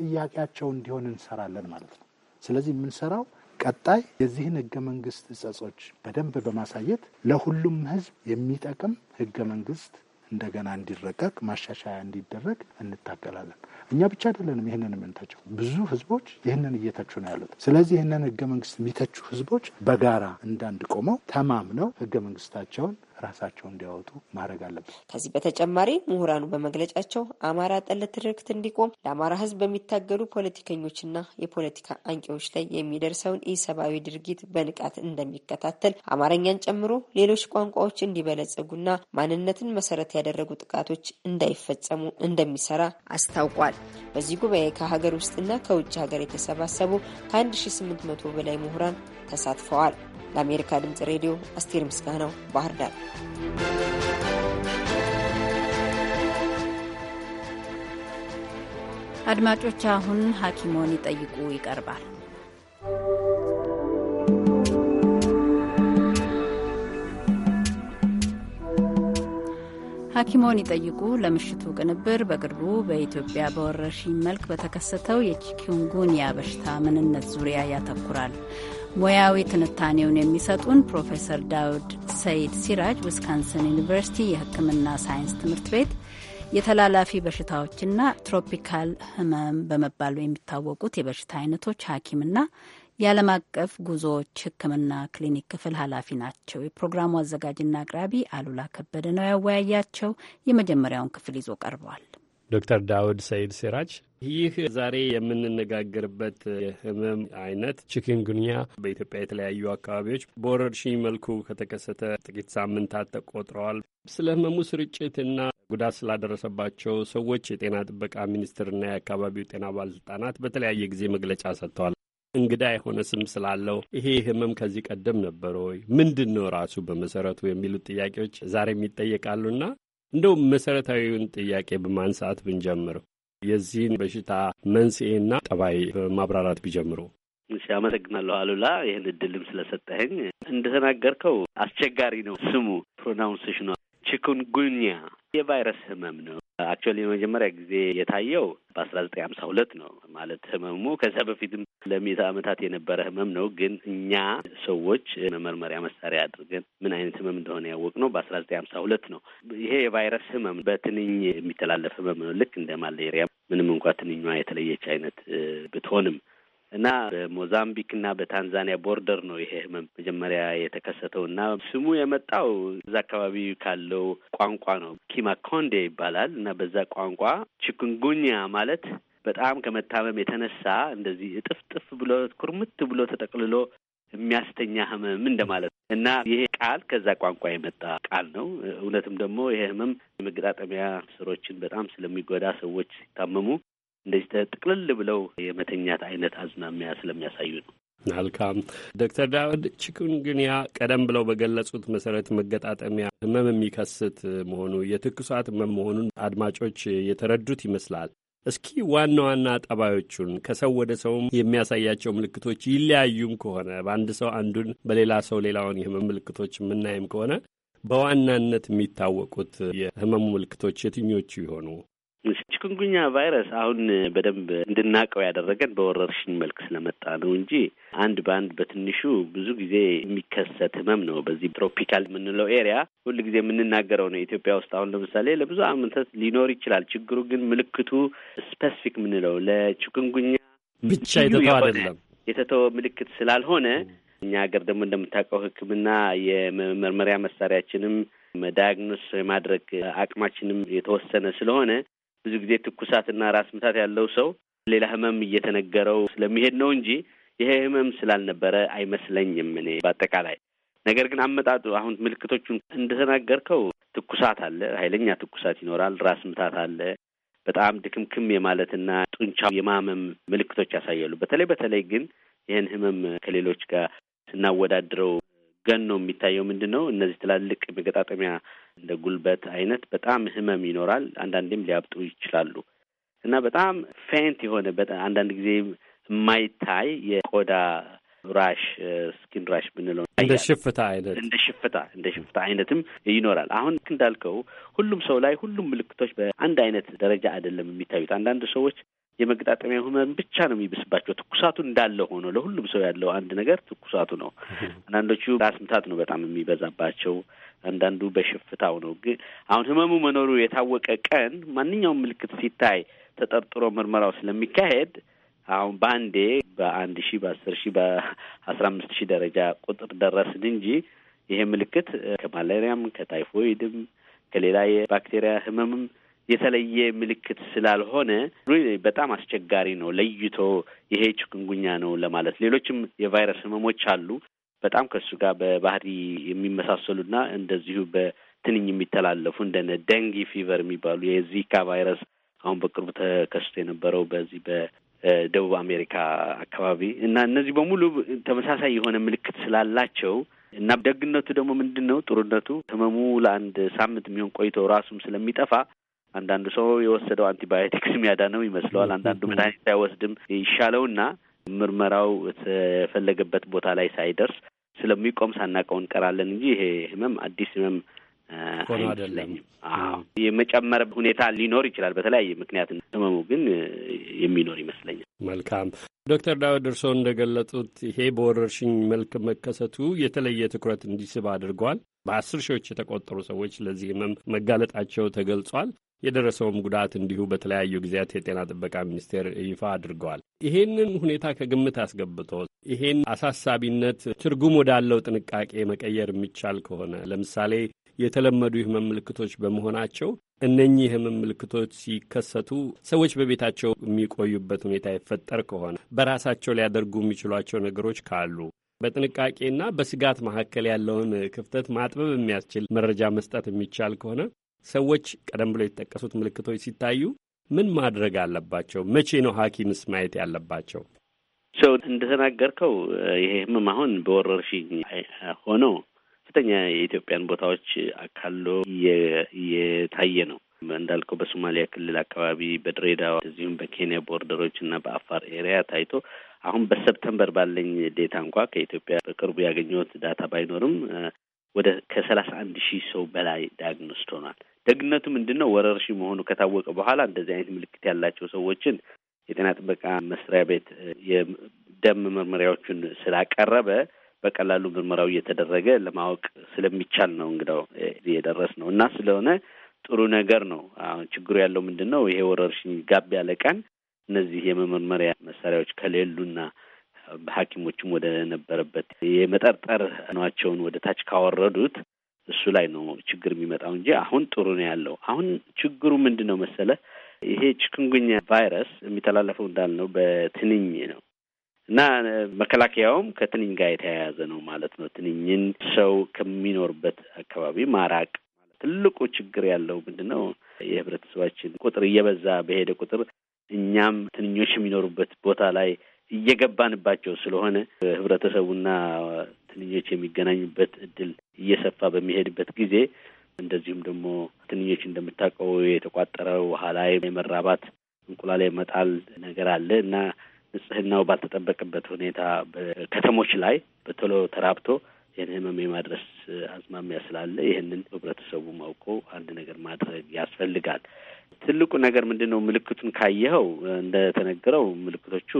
ጥያቄያቸው እንዲሆን እንሰራለን ማለት ነው። ስለዚህ የምንሰራው ቀጣይ የዚህን ህገ መንግስት እጸጾች በደንብ በማሳየት ለሁሉም ህዝብ የሚጠቅም ህገ መንግስት እንደገና እንዲረቀቅ ማሻሻያ እንዲደረግ እንታገላለን። እኛ ብቻ አይደለንም ይህንን የምንተቸው፣ ብዙ ህዝቦች ይህንን እየተቹ ነው ያሉት። ስለዚህ ይህንን ህገ መንግስት የሚተቹ ህዝቦች በጋራ እንዳንድ ቆመው ተማምነው ህገ መንግስታቸውን ራሳቸው እንዲያወጡ ማድረግ አለበት። ከዚህ በተጨማሪ ምሁራኑ በመግለጫቸው አማራ ጠል ትርክት እንዲቆም ለአማራ ሕዝብ በሚታገሉ ፖለቲከኞችና የፖለቲካ አንቂዎች ላይ የሚደርሰውን ኢሰብአዊ ድርጊት በንቃት እንደሚከታተል አማርኛን ጨምሮ ሌሎች ቋንቋዎች እንዲበለጸጉና ማንነትን መሰረት ያደረጉ ጥቃቶች እንዳይፈጸሙ እንደሚሰራ አስታውቋል። በዚህ ጉባኤ ከሀገር ውስጥና ከውጭ ሀገር የተሰባሰቡ ከ1800 በላይ ምሁራን ተሳትፈዋል። ለአሜሪካ ድምፅ ሬዲዮ አስቴር ምስጋናው ባህር ዳር። አድማጮች፣ አሁን ሐኪሞን ይጠይቁ ይቀርባል። ሐኪሞን ይጠይቁ ለምሽቱ ቅንብር በቅርቡ በኢትዮጵያ በወረርሽኝ መልክ በተከሰተው የቺኪንጉንያ በሽታ ምንነት ዙሪያ ያተኩራል። ሙያዊ ትንታኔውን የሚሰጡን ፕሮፌሰር ዳውድ ሰይድ ሲራጅ ዊስካንሰን ዩኒቨርሲቲ የሕክምና ሳይንስ ትምህርት ቤት የተላላፊ በሽታዎችና ትሮፒካል ህመም በመባሉ የሚታወቁት የበሽታ አይነቶች ሐኪምና የዓለም አቀፍ ጉዞዎች ህክምና ክሊኒክ ክፍል ኃላፊ ናቸው። የፕሮግራሙ አዘጋጅና አቅራቢ አሉላ ከበደ ነው ያወያያቸው። የመጀመሪያውን ክፍል ይዞ ቀርቧል። ዶክተር ዳውድ ሰይድ ሲራጅ ይህ ዛሬ የምንነጋገርበት የህመም አይነት ቺክንጉንያ በኢትዮጵያ የተለያዩ አካባቢዎች በወረርሽኝ መልኩ ከተከሰተ ጥቂት ሳምንታት ተቆጥረዋል። ስለ ህመሙ ስርጭትና ጉዳት ስላደረሰባቸው ሰዎች የጤና ጥበቃ ሚኒስቴርና የአካባቢው ጤና ባለስልጣናት በተለያየ ጊዜ መግለጫ ሰጥተዋል። እንግዳ የሆነ ስም ስላለው ይሄ ህመም ከዚህ ቀደም ነበረ ወይ ምንድን ነው ራሱ በመሰረቱ የሚሉት ጥያቄዎች ዛሬም ይጠየቃሉና እንደውም መሰረታዊውን ጥያቄ በማንሳት ብንጀምር የዚህን በሽታ መንስኤና ጠባይ በማብራራት ቢጀምሩ። እሺ፣ አመሰግናለሁ አሉላ ይህን እድልም ስለሰጠኸኝ። እንደተናገርከው አስቸጋሪ ነው ስሙ ፕሮናውንሴሽኑ ቺኩንጉኒያ የቫይረስ ህመም ነው አክቹዋሊ የመጀመሪያ ጊዜ የታየው በአስራ ዘጠኝ ሀምሳ ሁለት ነው። ማለት ህመሙ ከዚያ በፊትም ለሚት ዓመታት የነበረ ህመም ነው። ግን እኛ ሰዎች መመርመሪያ መሳሪያ አድርገን ምን አይነት ህመም እንደሆነ ያወቅ ነው በአስራ ዘጠኝ ሀምሳ ሁለት ነው። ይሄ የቫይረስ ህመም በትንኝ የሚተላለፍ ህመም ነው። ልክ እንደ ማሌሪያ ምንም እንኳ ትንኛ የተለየች አይነት ብትሆንም እና በሞዛምቢክና በታንዛኒያ ቦርደር ነው ይሄ ህመም መጀመሪያ የተከሰተው እና ስሙ የመጣው እዛ አካባቢ ካለው ቋንቋ ነው። ኪማኮንዴ ይባላል እና በዛ ቋንቋ ችኩንጉኛ ማለት በጣም ከመታመም የተነሳ እንደዚህ እጥፍ ጥፍ ብሎ ኩርምት ብሎ ተጠቅልሎ የሚያስተኛ ህመም እንደማለት ነው እና ይሄ ቃል ከዛ ቋንቋ የመጣ ቃል ነው። እውነትም ደግሞ ይሄ ህመም የመገጣጠሚያ ስሮችን በጣም ስለሚጎዳ ሰዎች ሲታመሙ እንደዚህ ጥቅልል ብለው የመተኛት አይነት አዝማሚያ ስለሚያሳዩ ነው። መልካም ዶክተር ዳውድ ቺኩንጉንያ ቀደም ብለው በገለጹት መሰረት መገጣጠሚያ ህመም የሚከስት መሆኑ የትኩሳት ህመም መሆኑን አድማጮች የተረዱት ይመስላል። እስኪ ዋና ዋና ጠባዮቹን ከሰው ወደ ሰውም የሚያሳያቸው ምልክቶች ይለያዩም ከሆነ በአንድ ሰው አንዱን በሌላ ሰው ሌላውን የህመም ምልክቶች የምናይም ከሆነ በዋናነት የሚታወቁት የህመሙ ምልክቶች የትኞቹ ይሆኑ? ችኩንጉኛ ቫይረስ አሁን በደንብ እንድናውቀው ያደረገን በወረርሽኝ መልክ ስለመጣ ነው እንጂ አንድ በአንድ በትንሹ ብዙ ጊዜ የሚከሰት ህመም ነው። በዚህ ትሮፒካል የምንለው ኤሪያ ሁል ጊዜ የምንናገረው ነው። ኢትዮጵያ ውስጥ አሁን ለምሳሌ ለብዙ አመታት ሊኖር ይችላል። ችግሩ ግን ምልክቱ ስፐሲፊክ የምንለው ለችኩንጉኛ ብቻ የተተወ ምልክት ስላልሆነ እኛ ሀገር ደግሞ እንደምታውቀው ሕክምና የመመርመሪያ መሳሪያችንም ዳያግኖስ የማድረግ አቅማችንም የተወሰነ ስለሆነ ብዙ ጊዜ ትኩሳትና ራስ ምታት ያለው ሰው ሌላ ህመም እየተነገረው ስለሚሄድ ነው እንጂ ይሄ ህመም ስላልነበረ አይመስለኝም እኔ በአጠቃላይ። ነገር ግን አመጣጡ አሁን ምልክቶቹን እንደተናገርከው ትኩሳት አለ፣ ኃይለኛ ትኩሳት ይኖራል። ራስ ምታት አለ፣ በጣም ድክምክም የማለትና ጡንቻ የማመም ምልክቶች ያሳያሉ። በተለይ በተለይ ግን ይህን ህመም ከሌሎች ጋር ስናወዳድረው ነው የሚታየው ምንድን ነው? እነዚህ ትላልቅ መገጣጠሚያ እንደ ጉልበት አይነት በጣም ህመም ይኖራል። አንዳንዴም ሊያብጡ ይችላሉ እና በጣም ፌንት የሆነ አንዳንድ ጊዜ የማይታይ የቆዳ ራሽ ስኪን ራሽ ብንለው እንደ ሽፍታ አይነት እንደ ሽፍታ እንደ ሽፍታ አይነትም ይኖራል። አሁን እንዳልከው ሁሉም ሰው ላይ ሁሉም ምልክቶች በአንድ አይነት ደረጃ አይደለም የሚታዩት። አንዳንድ ሰዎች የመገጣጠሚያ ህመም ብቻ ነው የሚብስባቸው። ትኩሳቱ እንዳለ ሆኖ ለሁሉም ሰው ያለው አንድ ነገር ትኩሳቱ ነው። አንዳንዶቹ ራስ ምታት ነው በጣም የሚበዛባቸው። አንዳንዱ በሽፍታው ነው። ግን አሁን ህመሙ መኖሩ የታወቀ ቀን ማንኛውም ምልክት ሲታይ ተጠርጥሮ ምርመራው ስለሚካሄድ አሁን በአንዴ በአንድ ሺህ በአስር ሺህ በአስራ አምስት ሺህ ደረጃ ቁጥር ደረስን እንጂ ይሄ ምልክት ከማላሪያም ከታይፎይድም ከሌላ የባክቴሪያ ህመምም የተለየ ምልክት ስላልሆነ በጣም አስቸጋሪ ነው ለይቶ ይሄ ችኩንጉኛ ነው ለማለት። ሌሎችም የቫይረስ ህመሞች አሉ በጣም ከእሱ ጋር በባህሪ የሚመሳሰሉና እንደዚሁ በትንኝ የሚተላለፉ እንደነ ደንጊ ፊቨር የሚባሉ የዚካ ቫይረስ አሁን በቅርቡ ተከስቶ የነበረው በዚህ በደቡብ አሜሪካ አካባቢ እና እነዚህ በሙሉ ተመሳሳይ የሆነ ምልክት ስላላቸው እና ደግነቱ ደግሞ ምንድን ነው ጥሩነቱ ህመሙ ለአንድ ሳምንት የሚሆን ቆይቶ ራሱም ስለሚጠፋ አንዳንዱ ሰው የወሰደው አንቲባዮቲክስ የሚያዳነው ይመስለዋል። አንዳንዱ መድኃኒት ሳይወስድም ይሻለውና ምርመራው የተፈለገበት ቦታ ላይ ሳይደርስ ስለሚቆም ሳናቀው እንቀራለን እንጂ ይሄ ህመም አዲስ ህመም አይመስለኝም። የመጨመር ሁኔታ ሊኖር ይችላል በተለያየ ምክንያት፣ ህመሙ ግን የሚኖር ይመስለኛል። መልካም ዶክተር ዳዊት እርሶ እንደገለጡት ይሄ በወረርሽኝ መልክ መከሰቱ የተለየ ትኩረት እንዲስብ አድርጓል። በአስር ሺዎች የተቆጠሩ ሰዎች ለዚህ ህመም መጋለጣቸው ተገልጿል። የደረሰውም ጉዳት እንዲሁ በተለያዩ ጊዜያት የጤና ጥበቃ ሚኒስቴር ይፋ አድርገዋል። ይሄንን ሁኔታ ከግምት አስገብቶ ይሄን አሳሳቢነት ትርጉም ወዳለው ጥንቃቄ መቀየር የሚቻል ከሆነ ለምሳሌ የተለመዱ የህመም ምልክቶች በመሆናቸው እነኚህ የህመም ምልክቶች ሲከሰቱ ሰዎች በቤታቸው የሚቆዩበት ሁኔታ ይፈጠር ከሆነ በራሳቸው ሊያደርጉ የሚችሏቸው ነገሮች ካሉ በጥንቃቄና በስጋት መካከል ያለውን ክፍተት ማጥበብ የሚያስችል መረጃ መስጠት የሚቻል ከሆነ ሰዎች ቀደም ብሎ የተጠቀሱት ምልክቶች ሲታዩ ምን ማድረግ አለባቸው? መቼ ነው ሐኪምስ ማየት ያለባቸው? ሰው እንደተናገርከው ይሄ ህመም አሁን በወረርሽኝ ሆኖ ከፍተኛ የኢትዮጵያን ቦታዎች አካሎ እየታየ ነው። እንዳልከው በሶማሊያ ክልል አካባቢ፣ በድሬዳዋ እዚሁም በኬንያ ቦርደሮች እና በአፋር ኤሪያ ታይቶ አሁን በሰፕተምበር ባለኝ ዴታ እንኳ ከኢትዮጵያ በቅርቡ ያገኘሁት ዳታ ባይኖርም ወደ ከሰላሳ አንድ ሺህ ሰው በላይ ዳያግኖስት ሆኗል። ደግነቱ ምንድን ነው? ወረርሽኝ መሆኑ ከታወቀ በኋላ እንደዚህ አይነት ምልክት ያላቸው ሰዎችን የጤና ጥበቃ መስሪያ ቤት የደም መርመሪያዎቹን ስላቀረበ በቀላሉ ምርመራው እየተደረገ ለማወቅ ስለሚቻል ነው እንግዳው እየደረስ ነው እና ስለሆነ ጥሩ ነገር ነው። አሁን ችግሩ ያለው ምንድን ነው? ይሄ ወረርሽኝ ጋብ ያለ ቀን እነዚህ የመመርመሪያ መሳሪያዎች ከሌሉና ሐኪሞችም ወደ ነበረበት የመጠርጠር ናቸውን ወደ ታች ካወረዱት እሱ ላይ ነው ችግር የሚመጣው እንጂ አሁን ጥሩ ነው ያለው። አሁን ችግሩ ምንድን ነው መሰለ፣ ይሄ ችክንጉኛ ቫይረስ የሚተላለፈው እንዳልነው በትንኝ ነው እና መከላከያውም ከትንኝ ጋር የተያያዘ ነው ማለት ነው። ትንኝን ሰው ከሚኖርበት አካባቢ ማራቅ። ትልቁ ችግር ያለው ምንድን ነው? የህብረተሰባችን ቁጥር እየበዛ በሄደ ቁጥር እኛም ትንኞች የሚኖሩበት ቦታ ላይ እየገባንባቸው ስለሆነ ህብረተሰቡና ትንኞች የሚገናኙበት እድል እየሰፋ በሚሄድበት ጊዜ እንደዚሁም ደግሞ ትንኞች እንደምታውቀው የተቋጠረ ውሃ ላይ የመራባት እንቁላል የመጣል ነገር አለ እና ንጽህናው ባልተጠበቀበት ሁኔታ በከተሞች ላይ በቶሎ ተራብቶ ይህን ህመም የማድረስ አዝማሚያ ስላለ ይህንን ህብረተሰቡ ማውቀው አንድ ነገር ማድረግ ያስፈልጋል። ትልቁ ነገር ምንድን ነው? ምልክቱን ካየኸው እንደተነገረው ምልክቶቹ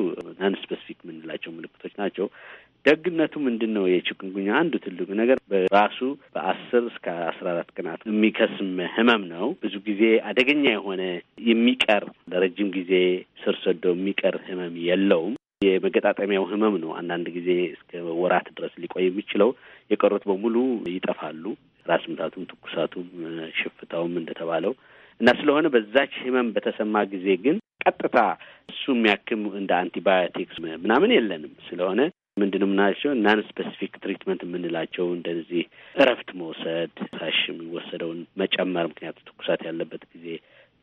ኖን ስፔሲፊክ የምንላቸው ምልክቶች ናቸው። ደግነቱ ምንድን ነው? የችግንጉኛ አንዱ ትልቁ ነገር በራሱ በአስር እስከ አስራ አራት ቀናት የሚከስም ህመም ነው። ብዙ ጊዜ አደገኛ የሆነ የሚቀር ለረጅም ጊዜ ስር ሰዶ የሚቀር ህመም የለውም። የመገጣጠሚያው ህመም ነው። አንዳንድ ጊዜ እስከ ወራት ድረስ ሊቆይ የሚችለው። የቀሩት በሙሉ ይጠፋሉ። ራስ ምታቱም፣ ትኩሳቱም፣ ሽፍታውም እንደተባለው እና ስለሆነ በዛች ህመም በተሰማ ጊዜ ግን ቀጥታ እሱ የሚያክም እንደ አንቲባዮቲክስ ምናምን የለንም። ስለሆነ ምንድን ምናቸው ናን ስፔሲፊክ ትሪትመንት የምንላቸው እንደዚህ እረፍት መውሰድ፣ ሳሽ የሚወሰደውን መጨመር፣ ምክንያቱ ትኩሳት ያለበት ጊዜ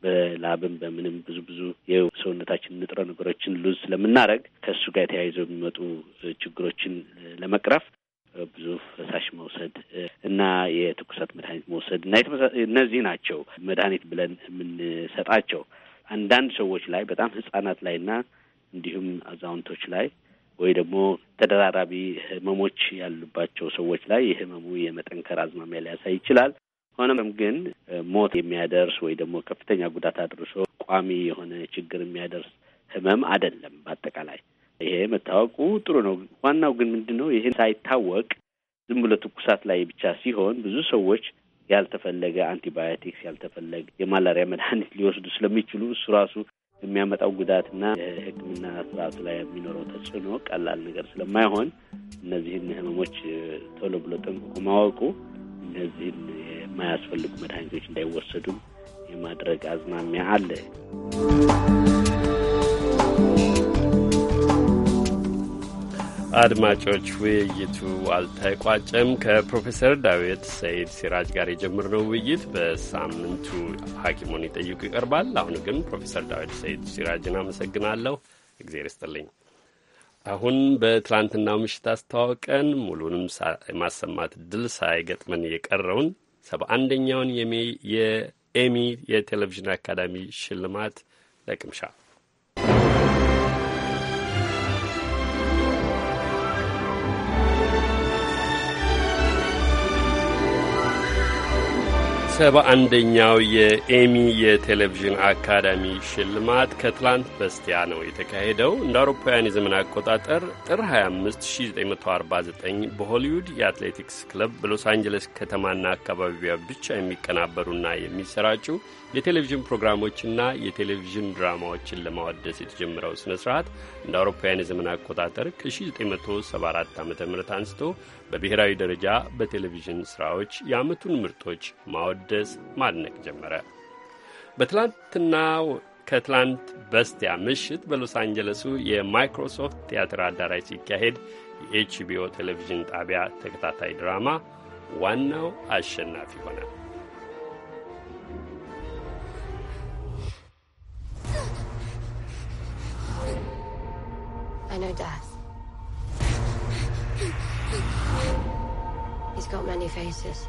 በላብም በምንም ብዙ ብዙ የሰውነታችን ንጥረ ነገሮችን ሉዝ ስለምናደርግ ከእሱ ጋር የተያይዘው የሚመጡ ችግሮችን ለመቅረፍ ብዙ ፈሳሽ መውሰድ እና የትኩሳት መድኃኒት መውሰድ እና እነዚህ ናቸው መድኃኒት ብለን የምንሰጣቸው። አንዳንድ ሰዎች ላይ በጣም ህጻናት ላይና እንዲሁም አዛውንቶች ላይ ወይ ደግሞ ተደራራቢ ህመሞች ያሉባቸው ሰዎች ላይ የህመሙ የመጠንከር አዝማሚያ ሊያሳይ ይችላል። ሆነም ግን ሞት የሚያደርስ ወይ ደግሞ ከፍተኛ ጉዳት አድርሶ ቋሚ የሆነ ችግር የሚያደርስ ህመም አይደለም በአጠቃላይ ይሄ መታወቁ ጥሩ ነው። ዋናው ግን ምንድን ነው? ይህን ሳይታወቅ ዝም ብሎ ትኩሳት ላይ ብቻ ሲሆን ብዙ ሰዎች ያልተፈለገ አንቲባዮቲክስ፣ ያልተፈለገ የማላሪያ መድኃኒት ሊወስዱ ስለሚችሉ እሱ ራሱ የሚያመጣው ጉዳትና የሕክምና ስርዓቱ ላይ የሚኖረው ተጽዕኖ ቀላል ነገር ስለማይሆን እነዚህን ህመሞች ቶሎ ብሎ ጠንቅቆ ማወቁ እነዚህን የማያስፈልጉ መድኃኒቶች እንዳይወሰዱም የማድረግ አዝማሚያ አለ። አድማጮች ውይይቱ አልተቋጨም። ከፕሮፌሰር ዳዊት ሰይድ ሲራጅ ጋር የጀመርነው ውይይት በሳምንቱ ሐኪሙን ይጠይቁ ይቀርባል። አሁን ግን ፕሮፌሰር ዳዊት ሰይድ ሲራጅን አመሰግናለሁ። እግዜር ይስጥልኝ። አሁን በትላንትናው ምሽት አስተዋውቀን ሙሉንም የማሰማት እድል ሳይገጥመን የቀረውን ሰባ አንደኛውን የኤሚ የቴሌቪዥን አካዳሚ ሽልማት ለቅምሻ ሰባ አንደኛው የኤሚ የቴሌቪዥን አካዳሚ ሽልማት ከትላንት በስቲያ ነው የተካሄደው። እንደ አውሮፓውያን የዘመን አቆጣጠር ጥር 25 1949 በሆሊውድ የአትሌቲክስ ክለብ በሎስ አንጀለስ ከተማና አካባቢዋ ብቻ የሚቀናበሩና የሚሰራጩ የቴሌቪዥን ፕሮግራሞችና የቴሌቪዥን ድራማዎችን ለማወደስ የተጀመረው ስነ ስርዓት እንደ አውሮፓውያን የዘመን አቆጣጠር ከ1974 ዓ ም አንስቶ በብሔራዊ ደረጃ በቴሌቪዥን ሥራዎች የዓመቱን ምርጦች ማወደስ፣ ማድነቅ ጀመረ። በትላንትናው ከትላንት በስቲያ ምሽት በሎስ አንጀለሱ የማይክሮሶፍት ቲያትር አዳራሽ ሲካሄድ የኤችቢኦ ቴሌቪዥን ጣቢያ ተከታታይ ድራማ ዋናው አሸናፊ ሆነ። I know death. He's got many faces.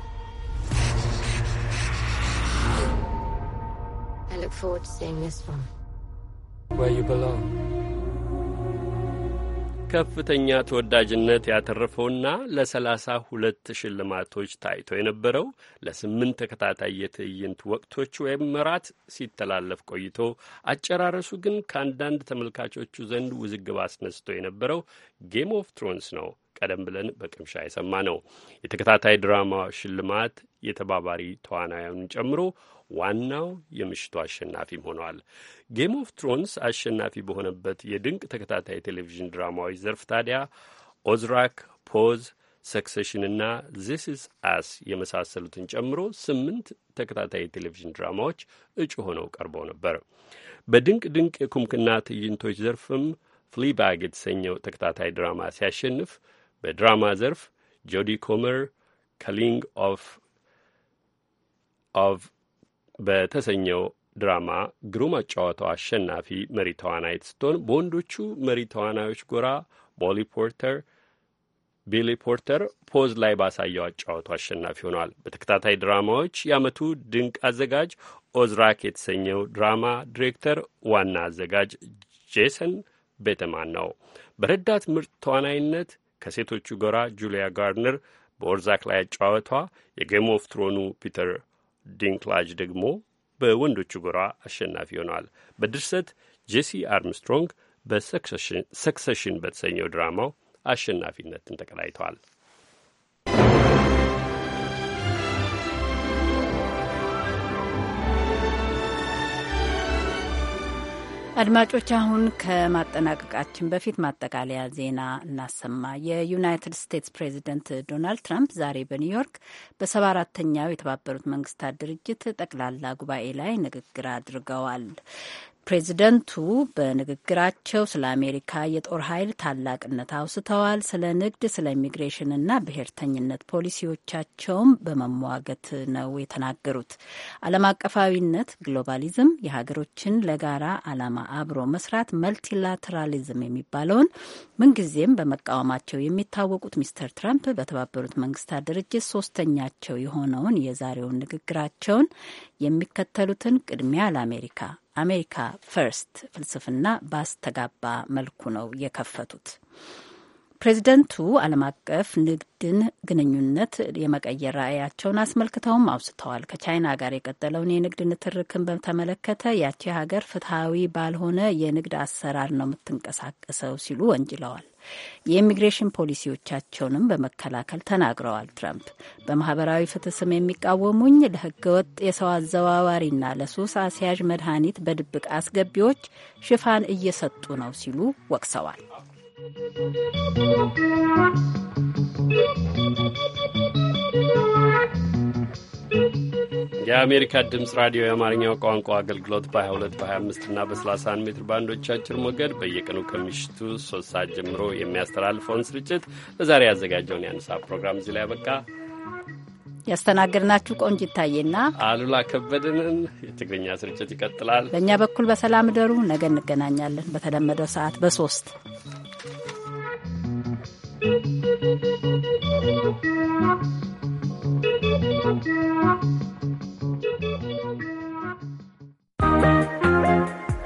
I look forward to seeing this one. Where you belong. ከፍተኛ ተወዳጅነት ያተረፈውና ለሰላሳ ሁለት ሽልማቶች ታይቶ የነበረው ለስምንት ተከታታይ የትዕይንት ወቅቶች ወይም ምራት ሲተላለፍ ቆይቶ አጨራረሱ ግን ከአንዳንድ ተመልካቾቹ ዘንድ ውዝግብ አስነስቶ የነበረው ጌም ኦፍ ትሮንስ ነው። ቀደም ብለን በቅምሻ የሰማ ነው። የተከታታይ ድራማ ሽልማት የተባባሪ ተዋናያኑን ጨምሮ ዋናው የምሽቱ አሸናፊም ሆኗል። ጌም ኦፍ ትሮንስ አሸናፊ በሆነበት የድንቅ ተከታታይ ቴሌቪዥን ድራማዎች ዘርፍ ታዲያ ኦዝራክ፣ ፖዝ፣ ሰክሴሽንና ዚስ ኢዝ አስ የመሳሰሉትን ጨምሮ ስምንት ተከታታይ ቴሌቪዥን ድራማዎች እጩ ሆነው ቀርበው ነበር። በድንቅ ድንቅ የኩምክና ትዕይንቶች ዘርፍም ፍሊባግ የተሰኘው ተከታታይ ድራማ ሲያሸንፍ በድራማ ዘርፍ ጆዲ ኮመር ከሊንግ ኦፍ ኦፍ በተሰኘው ድራማ ግሩም አጫዋታው አሸናፊ መሪ ተዋናይት ስትሆን በወንዶቹ መሪ ተዋናዮች ጎራ ቦሊ ፖርተር ቢሊ ፖርተር ፖዝ ላይ ባሳየው አጫዋቱ አሸናፊ ሆኗል። በተከታታይ ድራማዎች የዓመቱ ድንቅ አዘጋጅ ኦዝራክ የተሰኘው ድራማ ዲሬክተር ዋና አዘጋጅ ጄሰን ቤተማን ነው። በረዳት ምርጥ ተዋናይነት ከሴቶቹ ጎራ ጁሊያ ጋርነር በኦርዛክ ላይ አጫወቷ የጌም ኦፍ ትሮኑ ፒተር ዲንክላጅ ደግሞ በወንዶቹ ጎራ አሸናፊ ሆኗል። በድርሰት ጄሲ አርምስትሮንግ በሰክሰሽን በተሰኘው ድራማው አሸናፊነትን ተቀላይተዋል። አድማጮች አሁን ከማጠናቀቃችን በፊት ማጠቃለያ ዜና እናሰማ። የዩናይትድ ስቴትስ ፕሬዚደንት ዶናልድ ትራምፕ ዛሬ በኒውዮርክ በሰባ አራተኛው የተባበሩት መንግስታት ድርጅት ጠቅላላ ጉባኤ ላይ ንግግር አድርገዋል። ፕሬዚደንቱ በንግግራቸው ስለ አሜሪካ የጦር ኃይል ታላቅነት አውስተዋል። ስለ ንግድ፣ ስለ ኢሚግሬሽን እና ብሔርተኝነት ፖሊሲዎቻቸውም በመሟገት ነው የተናገሩት። ዓለም አቀፋዊነት፣ ግሎባሊዝም፣ የሀገሮችን ለጋራ ዓላማ አብሮ መስራት መልቲላተራሊዝም የሚባለውን ምንጊዜም በመቃወማቸው የሚታወቁት ሚስተር ትራምፕ በተባበሩት መንግስታት ድርጅት ሶስተኛቸው የሆነውን የዛሬውን ንግግራቸውን የሚከተሉትን ቅድሚያ ለአሜሪካ አሜሪካ ፈርስት ፍልስፍና ባስተጋባ መልኩ ነው የከፈቱት። ፕሬዚደንቱ ዓለም አቀፍ ንግድን ግንኙነት የመቀየር ራዕያቸውን አስመልክተውም አውስተዋል። ከቻይና ጋር የቀጠለውን የንግድ ንትርክን በተመለከተ ያቺ ሀገር ፍትሐዊ ባልሆነ የንግድ አሰራር ነው የምትንቀሳቀሰው ሲሉ ወንጅለዋል። የኢሚግሬሽን ፖሊሲዎቻቸውንም በመከላከል ተናግረዋል። ትራምፕ በማህበራዊ ፍትህ ስም የሚቃወሙኝ ለህገወጥ የሰው አዘዋዋሪና ለሱስ አስያዥ መድኃኒት በድብቅ አስገቢዎች ሽፋን እየሰጡ ነው ሲሉ ወቅሰዋል። የአሜሪካ ድምፅ ራዲዮ የአማርኛው ቋንቋ አገልግሎት በ22 በ25 እና በ31 ሜትር ባንዶች አጭር ሞገድ በየቀኑ ከምሽቱ 3 ሰዓት ጀምሮ የሚያስተላልፈውን ስርጭት ለዛሬ ያዘጋጀውን የአንሳ ፕሮግራም እዚህ ላይ ያበቃ። ያስተናገድናችሁ ቆንጅ ይታየና አሉላ ከበድንን። የትግርኛ ስርጭት ይቀጥላል። በእኛ በኩል በሰላም እደሩ። ነገ እንገናኛለን በተለመደው ሰዓት በሶስት Thank you.